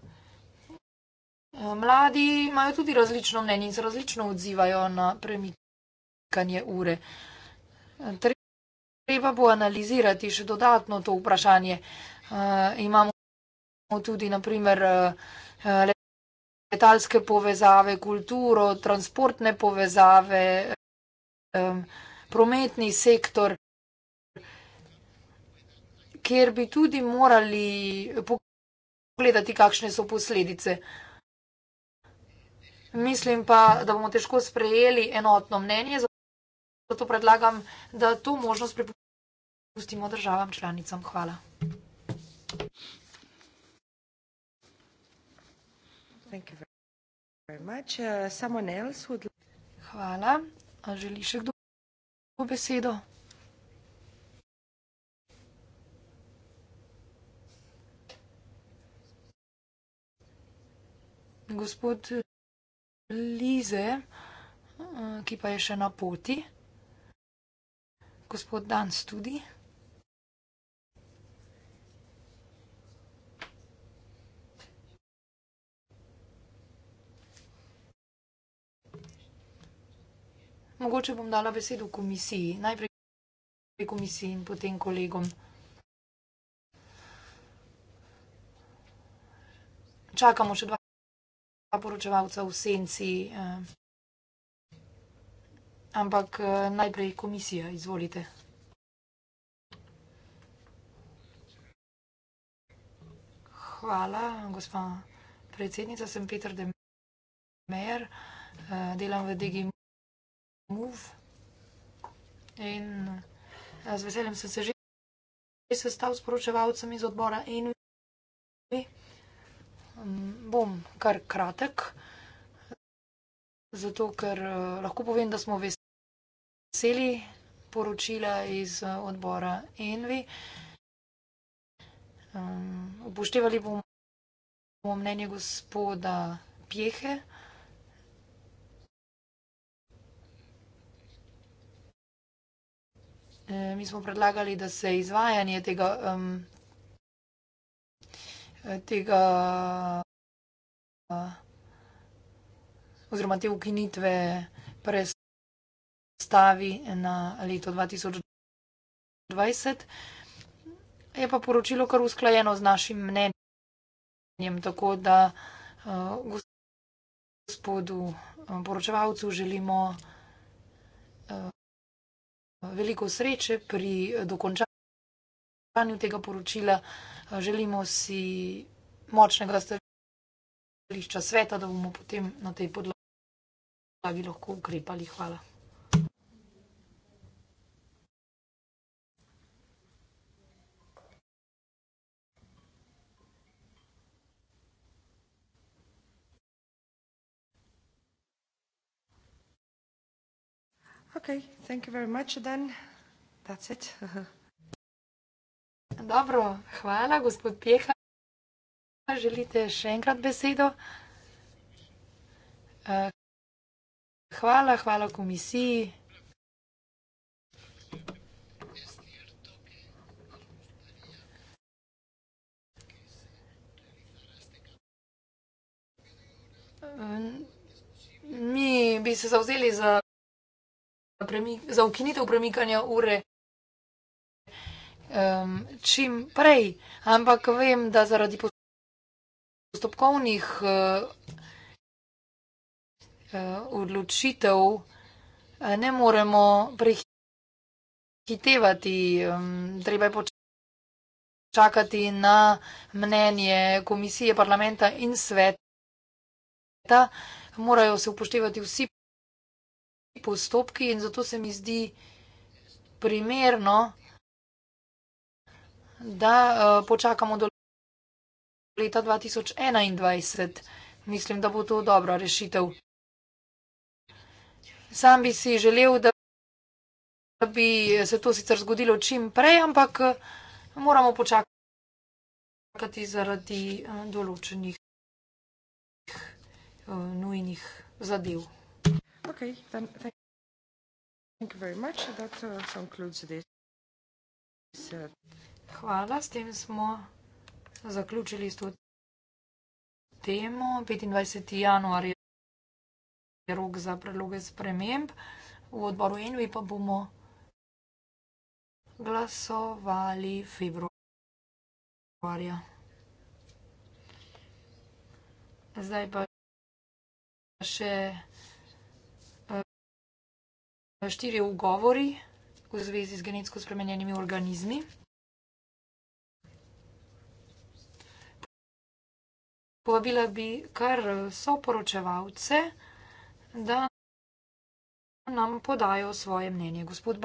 mladi imajo tudi različno mnenje in se različno odzivajo na premikanje ure. Treba bo analizirati še dodatno to vprašanje. Eh, imamo tudi, naprimer, eh, letalske povezave, kulturo, transportne povezave, prometni sektor, kjer bi tudi morali pogledati, kakšne so posledice. Mislim pa, da bomo težko sprejeli enotno mnenje, zato predlagam, da to možnost pripustimo državam članicam. Hvala. Thank you very much. Uh, someone else would like... Hvala. A želi še kdo besedo? Gospod Lize, uh, ki pa je še na poti. Gospod Dan studi. Mogoče bom dala besedo komisiji, najprej komisiji in potem kolegom. Čakamo še dva poročevalca v senci, eh, ampak eh, najprej komisija, izvolite. Hvala, gospa predsednica, sem Peter Demer, eh, delam v Degimu. Move. In eh, z veseljem sem se že sestal s poročevalcem iz odbora in mm, bom kar kratek, zato ker eh, lahko povem, da smo veseli poročila iz eh, odbora Envi. Mm, upoštevali bomo mnenje gospoda Pjehe, ki je vse. Eh, mi smo predlagali, da se izvajanje tega, um, tega uh, oziroma te ukinitve prestavi na leto 2020. Je pa poročilo kar usklajeno z našim mnenjem, tako da uh, gospodu uh, poročevalcu želimo. Uh, veliko sreče pri dokončanju tega poročila. Želimo si močnega stališča sveta, da bomo potem na tej podlagi lahko ukrepali. Hvala. Okay, thank you very much then. That's it. Dobro, hvala, gospod Pjeha. Želite še enkrat besedo? Eh, hvala, hvala komisiji. Eh, mi bi se zauzeli za premik, za ukinitev premikanja ure um, čim prej, ampak vem, da zaradi postopkovnih eh, eh, odločitev uh, uh, ne moremo prehitevati. Um, treba je počakati na mnenje komisije, parlamenta in sveta. Morajo se upoštevati vsi postopki in zato se mi zdi primerno, da uh, počakamo do leta 2021. Mislim, da bo to dobra rešitev. Sam bi si želel, da bi se to sicer zgodilo čim prej, ampak eh, moramo počakati zaradi eh, določenih nujnih zadev. Okay, then thank you very much. That uh, concludes this. Uh, Hvala. S tem smo zaključili s to temo. 25. januar je rok za predloge sprememb. V odboru NVE pa bomo glasovali februarja. Zdaj pa še štiri ugovori v zvezi z genetsko spremenjenimi organizmi. Povabila bi kar soporočevalce, da nam podajo svoje mnenje. Gospod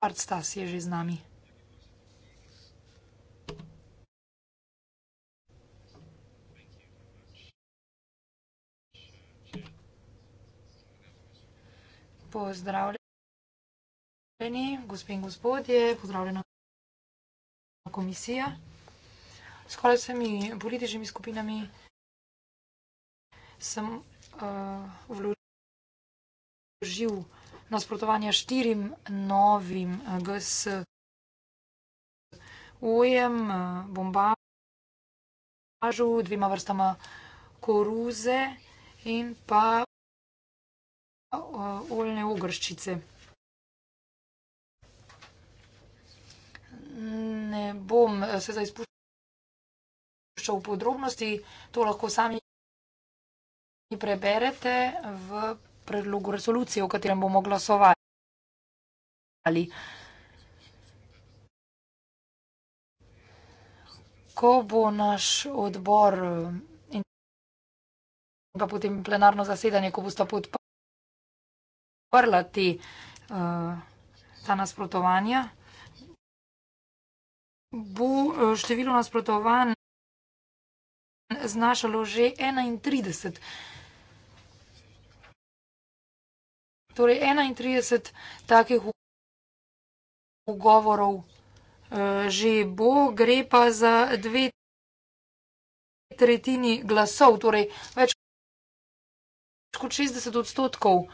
Bartstas je že z nami. Pozdravljeni, gospe in gospodje, pozdravljena komisija. Skoraj s vsemi političnimi skupinami sem uh, vložil nasprotovanja štirim novim eh, GS ujem, eh, bombažu, dvema vrstama koruze in pa oljne ogrščice. Ne bom eh, se zdaj spuščal v podrobnosti, to lahko sami preberete v predlogu resolucije, o katerem bomo glasovali. Ko bo naš odbor in pa potem plenarno zasedanje, ko bo sta podprl, odprla te, uh, ta nasprotovanja, bo eh, število nasprotovanj znašalo že 31. Torej 31 takih ugovorov uh, že bo, gre pa za dve tretjini glasov, torej več kot 60 odstotkov eh,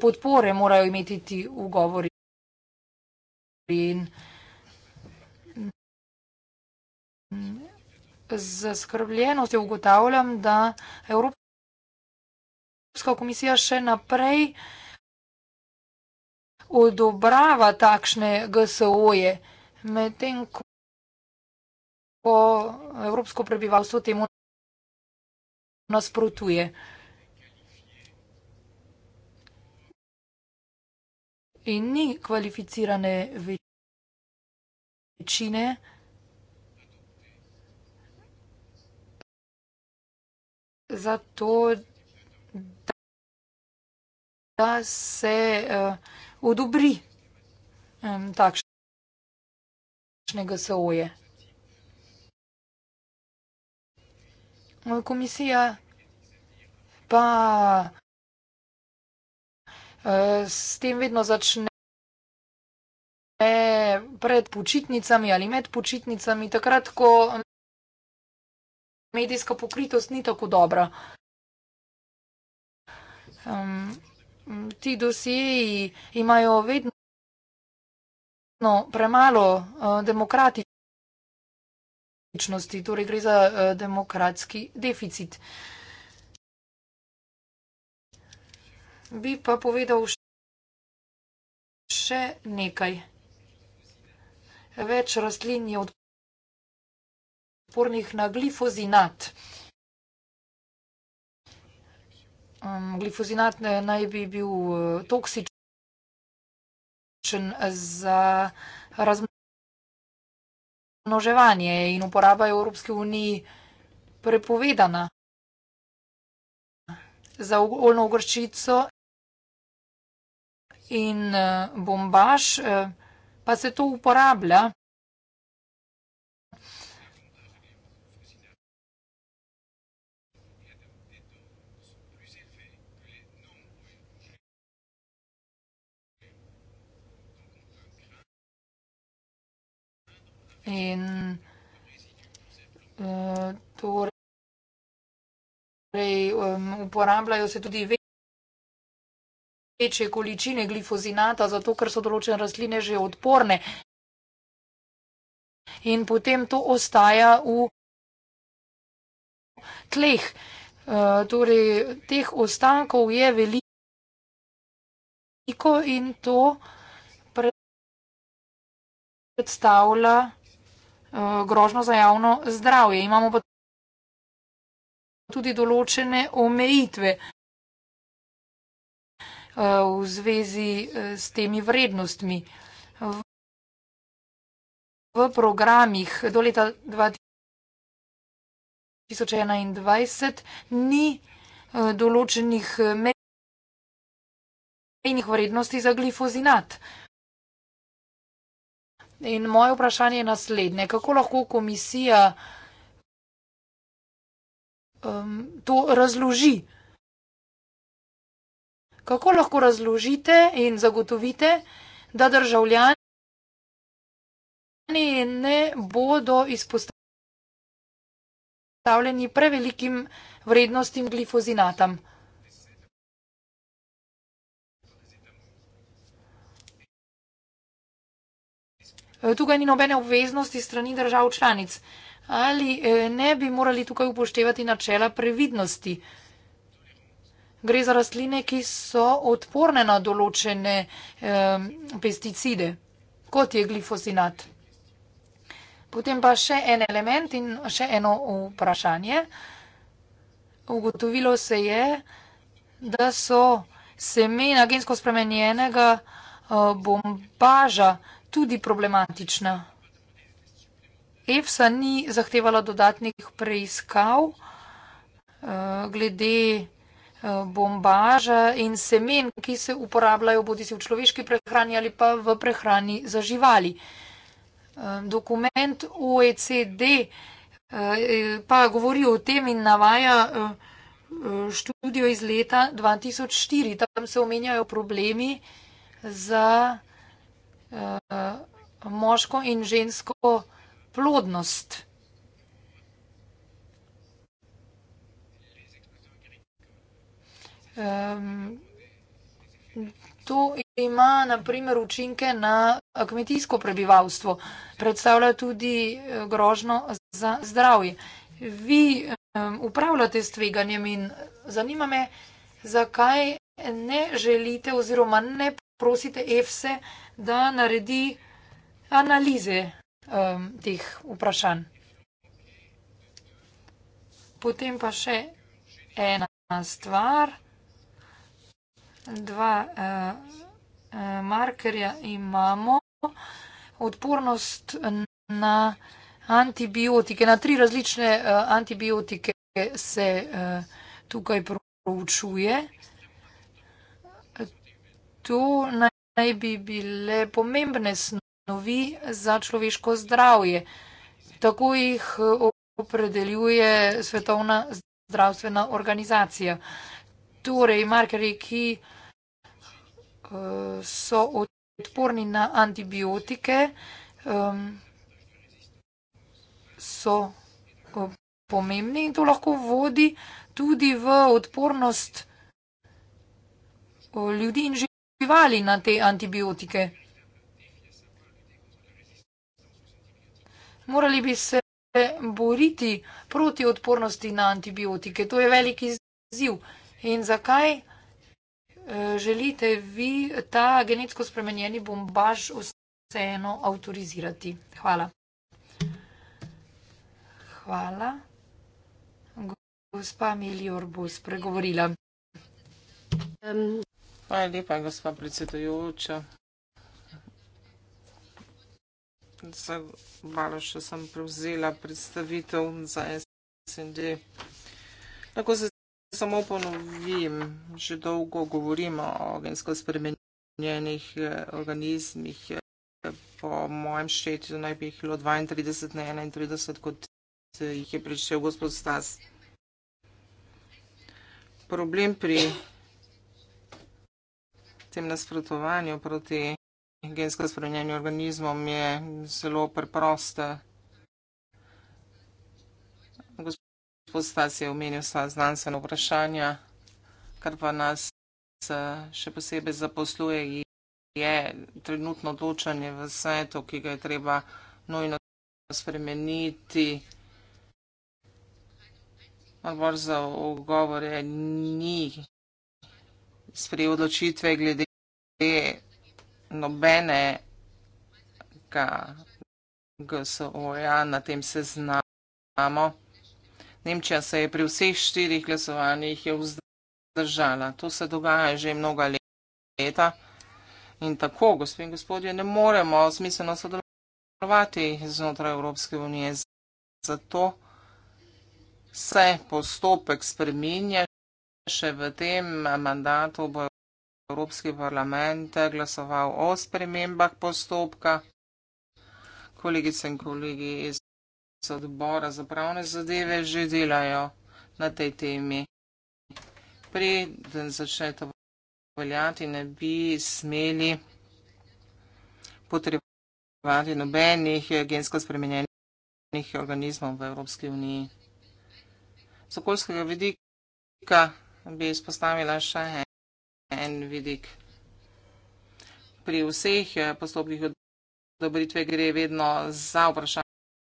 podpore morajo imeti ti ugovori. In z skrbljenostjo ugotavljam, da Evropska komisija še naprej odobrava takšne GSO-je, medtem ko evropsko prebivalstvo temu nasprotuje. in ni kvalificirane večine. Zato, da, da se uh, odobri um, takšne GSO-je. Komisija pa. Eh, s tem vedno začne. Pred počitnicami ali med počitnicami, takrat, ko medijska pokritost ni tako dobra. Um, ti dosjeji imajo vedno premalo uh, demokratičnosti, torej gre za uh, demokratski deficit. Uh, bi pa povedal še nekaj. Več rastlin je odpornih na glifozinat. Um, glifozinat naj bi bil uh, toksičen za razmnoževanje in uporaba Evropske unije prepovedana. Za oljno ogrščico in eh, bombaž, eh, pa se to uporablja. In uh, torej um, uporabljajo se tudi večje večje količine glifozinata, zato ker so določene rastline že odporne. In potem to ostaja v tleh. E, torej, teh ostankov je veliko in to predstavlja e, grožno za javno zdravje. Imamo pa tudi določene omejitve. Eh, v zvezi eh, s temi vrednostmi. V programih do leta 2021 ni eh, določenih mejnih vrednosti za glifozinat. In moje vprašanje je naslednje. Kako lahko komisija um, to razloži? Kako lahko razložite in zagotovite, da državljani ne bodo izpostavljeni prevelikim vrednostim glifozinatam? Tukaj ni nobene obveznosti strani držav članic. Ali eh, ne bi morali tukaj upoštevati načela previdnosti? gre za rastline, ki so odporne na določene eh, pesticide, kot je glifosinat. Potem pa še en element in še eno vprašanje. Ugotovilo se je, da so semena gensko spremenjenega e, bombaža tudi problematična. EFSA ni zahtevala dodatnih preiskav e, glede Eh, bombaža in semen, ki se uporabljajo bodi si v človeški prehrani ali pa v prehrani za živali. Eh, dokument OECD eh, pa govori o tem in navaja študijo iz leta 2004. Tam se omenjajo problemi za moško in žensko plodnost. Um, to ima naprimer učinke na kmetijsko prebivalstvo, predstavlja tudi eh, grožno za zdravje. Vi um, upravljate s tveganjem in zanima me, zakaj ne želite oziroma ne prosite EFSE, da naredi analize um, teh vprašanj. Potem pa še ena stvar dva eh, eh, markerja imamo odpornost na antibiotike, na tri različne eh, antibiotike se tukaj proučuje. Tu naj bi bile pomembne snovi za človeško zdravje. Tako jih opredeljuje Svetovna zdravstvena organizacija torej markerji, ki eh, so odporni na antibiotike, so eh, pomembni in to lahko vodi tudi v odpornost eh, ljudi in živali na te antibiotike. Morali bi se boriti proti odpornosti na antibiotike. To je veliki zdiv. In zakaj eh, želite vi ta genetsko spremenjeni bombaž vseeno avtorizirati? Hvala. Hvala. Gospa Milior bo spregovorila. Hvala lepa, gospa predsedujoča. Za malo še sem prevzela predstavitev za SND. Lahko se samo ponovim, že dolgo govorimo o gensko spremenjenih eh, organizmih. Eh, po mojem štetju naj bi jih bilo 32 na 31, kot eh, jih je prišel gospod Stas. Problem pri tem nasprotovanju proti gensko spremenjenim organizmom je zelo preprosta. gospod Stas je omenil sva znanstvena vprašanja, kar pa nas eh, še posebej zaposluje, je trenutno odločanje v svetu, ki ga je treba nujno spremeniti. Odbor za ugovore ni sprejel odločitve glede nobene ga GSO-ja na tem seznamu. Nemčija se je pri vseh štirih glasovanjih vzdržala. To se dogaja že mnoga leta in tako, gospod in gospodje, ne moremo smiselno sodelovati znotraj Evropske unije. Zato se postopek spreminja še v tem mandatu. Evropski parlament glasoval o spremembah postopka. Kolegice in kolegi iz z odbora za pravne zadeve že delajo na tej temi. Preden začne to veljati, ne bi smeli potrebovati nobenih gensko spremenjenih organizmov v Evropski uniji. Z okoljskega vidika bi izpostavila še en, en vidik. Pri vseh postopkih odobritve gre vedno za vprašanje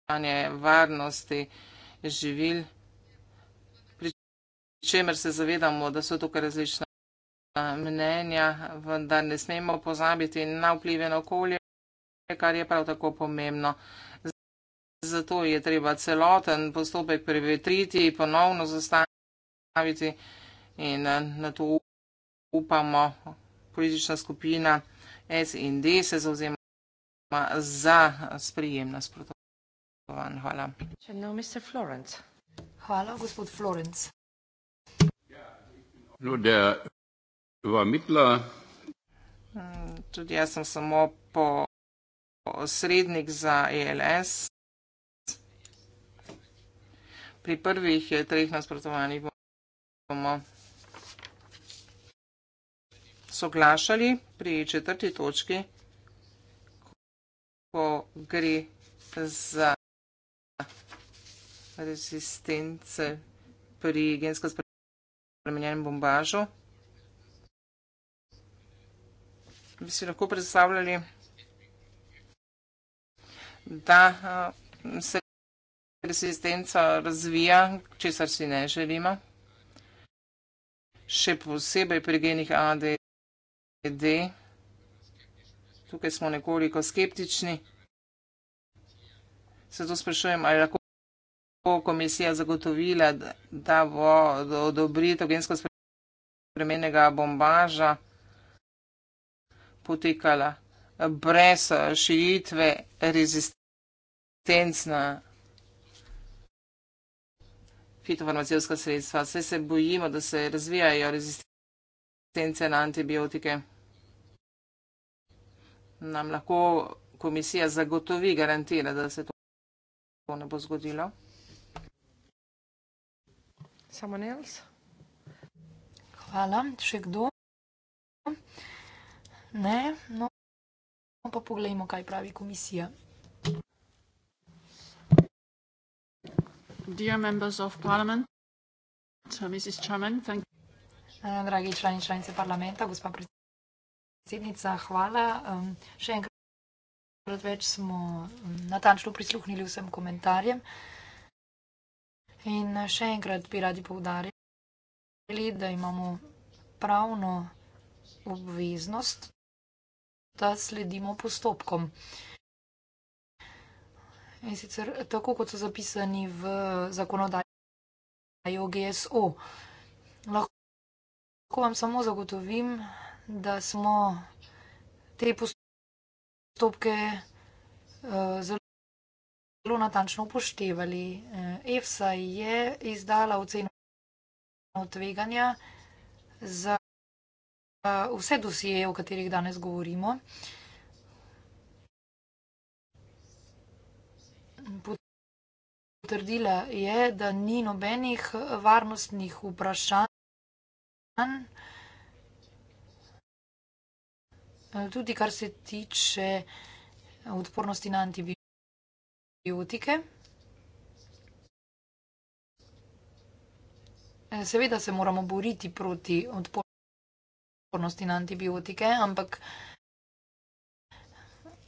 vprašanje varnosti živil, pri čemer se zavedamo, da so tukaj različna mnenja, vendar ne smemo pozabiti na vplive na okolje, kar je prav tako pomembno. Zato je treba celoten postopek prevetriti, ponovno zastaviti in eh, na to upamo. Politična skupina S in D se zauzema za sprijem nasprotov. Hvala. Hvala, gospod Florenc. Mm, tudi jaz sem samo posrednik za ELS. Pri prvih eh, treh nasprotovanjih bomo soglašali pri četrti točki, ko gre za rezistence pri gensko spremenjenem bombažu. Bi si lahko predstavljali, da eh, se rezistenca razvija, česar si ne želimo. Še posebej pri genih ADD. Tukaj smo nekoliko skeptični. Se to sprašujem, ali lahko bo komisija zagotovila, da bo odobritev gensko spremenjenega bombaža potekala brez širitve rezistenc na fitofarmacijska sredstva. Vse se bojimo, da se razvijajo rezistence na antibiotike. Nam lahko komisija zagotovi, garantira, da se to ne bo zgodilo. Someone else? Hvala. Še kdo? Ne, no, no pa pogledajmo, kaj pravi komisija. Dear members of parliament, so Mrs. Chairman, thank you. Eh, dragi člani članice parlamenta, gospa predsednica, hvala. Še enkrat več smo natančno prisluhnili vsem komentarjem. In še enkrat bi radi povdarjali, da imamo pravno obveznost, da sledimo postopkom. In sicer tako, kot so zapisani v zakonodaji OGSO, lahko vam samo zagotovim, da smo te postopke uh, eh, zelo zelo natančno upoštevali. Eh, EFSA je izdala oceno tveganja za eh, vse dosjeje, o katerih danes govorimo. Potrdila je, da ni nobenih varnostnih vprašanj, eh, tudi kar se tiče odpornosti na antibiotike. Jutike. Eh, seveda se moramo boriti proti odpornosti na antibiotike, ampak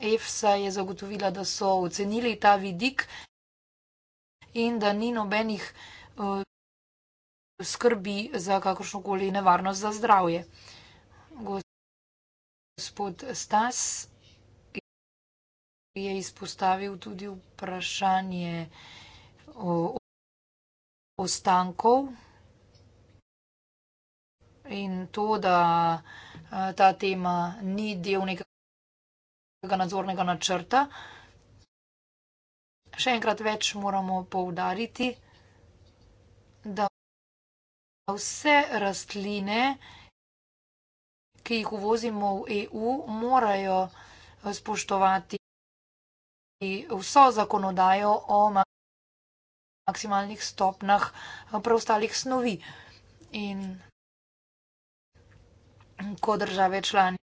EFSA je zagotovila, da so ocenili ta vidik in da ni nobenih eh, skrbi za kakršnokoli nevarnost za zdravje. Gospod Stas je izpostavil tudi vprašanje o ostankov in to, da eh, ta tema ni del nekega nadzornega načrta. Še enkrat več moramo povdariti, da vse rastline, ki jih uvozimo v EU, morajo eh, spoštovati vso zakonodajo o maksimalnih stopnah eh, preostalih snovi. In ko države članice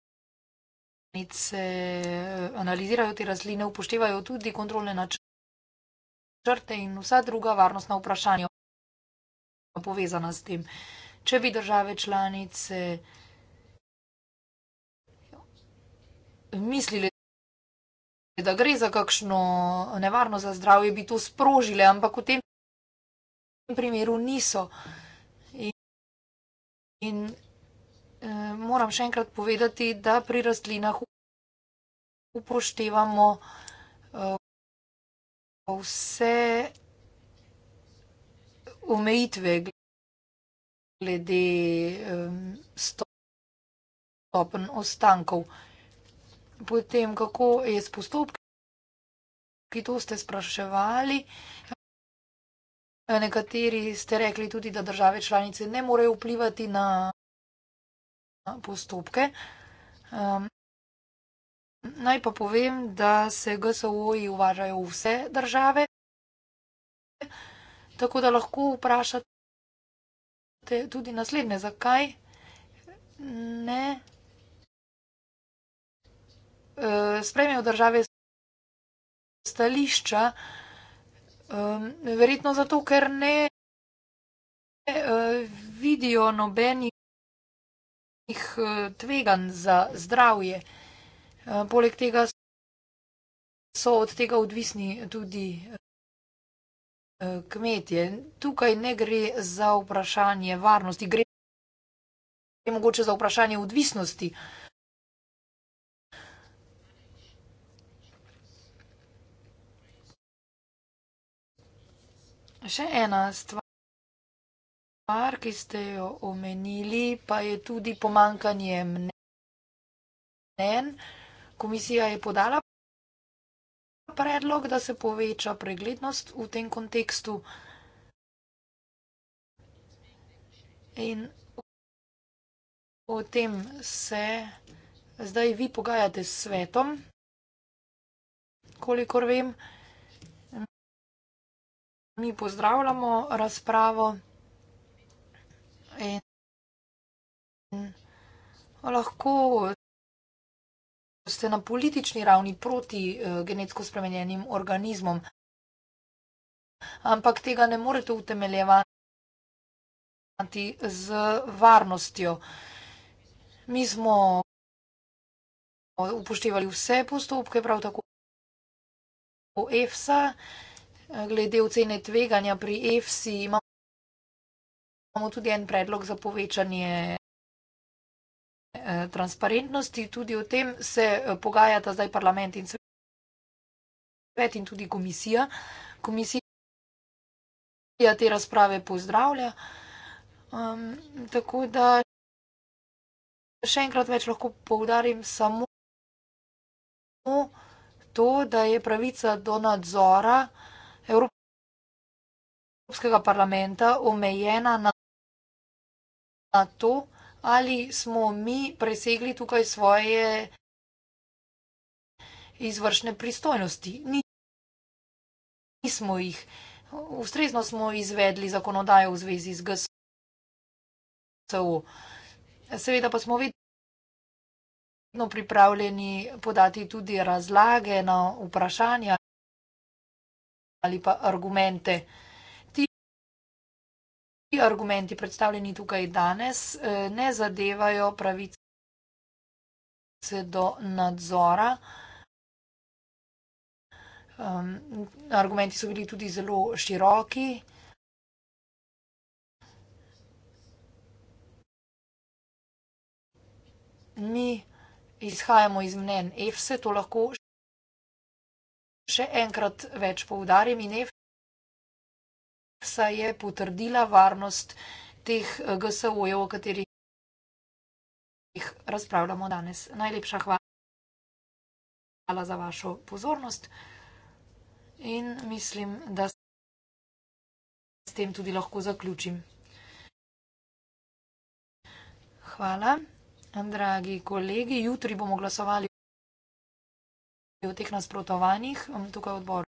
eh, analizirajo te razline, upoštevajo tudi kontrolne načrte in vsa druga varnostna vprašanja povezana s tem. Če bi države članice mislili, da gre za kakšno nevarno za zdravje, bi to sprožile, ampak v tem primeru niso. In, in eh, moram še enkrat povedati, da pri rastlinah upoštevamo eh, vse omejitve glede eh, stopen ostankov potem kako je s postopki, ki to ste spraševali. Nekateri ste rekli tudi, da države članice ne morejo vplivati na postopke. Um, naj pa povem, da se GSO-ji uvažajo vse države, tako da lahko vprašate tudi naslednje, zakaj ne Eh, sprejmejo države stališča, ehm, verjetno zato, ker ne eh, vidijo nobenih eh, tveganj za zdravje. Poleg tega so od tega odvisni tudi kmetje. Tukaj ne gre za vprašanje varnosti, gre mogoče za vprašanje odvisnosti. Še ena stvar, ki ste jo omenili, pa je tudi pomankanje mnen. Komisija je podala predlog, da se poveča preglednost v tem kontekstu. In o tem se zdaj vi pogajate s svetom, kolikor vem mi pozdravljamo razpravo in lahko ste na politični ravni proti eh, genetsko spremenjenim organizmom, ampak tega ne morete utemeljevati z varnostjo. Mi smo upoštevali vse postopke, prav tako EFSA, glede ocene tveganja pri EFSI imamo tudi en predlog za povečanje eh, transparentnosti. Tudi o tem se eh, pogajata zdaj parlament in svet in tudi komisija. Komisija te razprave pozdravlja. Um, tako da še enkrat več lahko povdarim samo to, da je pravica do nadzora uh, Evropskega parlamenta omejena na Na to, ali smo mi presegli tukaj svoje izvršne pristojnosti. Nismo jih. Ustrezno smo izvedli zakonodajo v zvezi z GSO. Seveda pa smo vedno pripravljeni podati tudi razlage na vprašanja ali pa argumente. Ti argumenti predstavljeni tukaj danes eh, ne zadevajo pravice do nadzora. Argumenti so bili tudi zelo široki. Mi izhajamo iz mnen EFSE, to lahko še še enkrat več poudarim, INEFSA je potrdila varnost teh eh, GSO-jev, o katerih razpravljamo danes. Najlepša hvala za vašo pozornost in mislim, da s tem tudi lahko zaključim. Hvala, dragi kolegi. Jutri bomo glasovali v teh nasprotovanjih, um, tukaj v odboru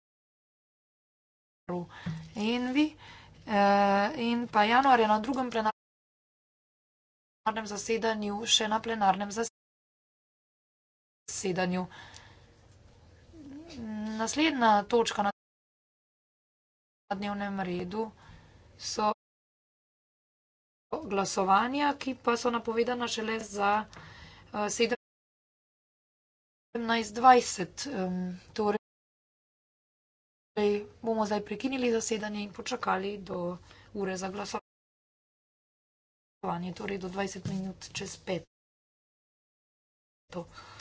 Envi. Eh, in pa januar je na drugem plenarnem zasedanju, še na plenarnem zasedanju. Naslednja točka na dnevnem redu so glasovanja, ki pa so napovedana šele za eh, sedem. 17.20, torej, torej bomo zdaj prekinili zasedanje in počakali do ure za glasovanje, torej do 20 minut čez pet. To.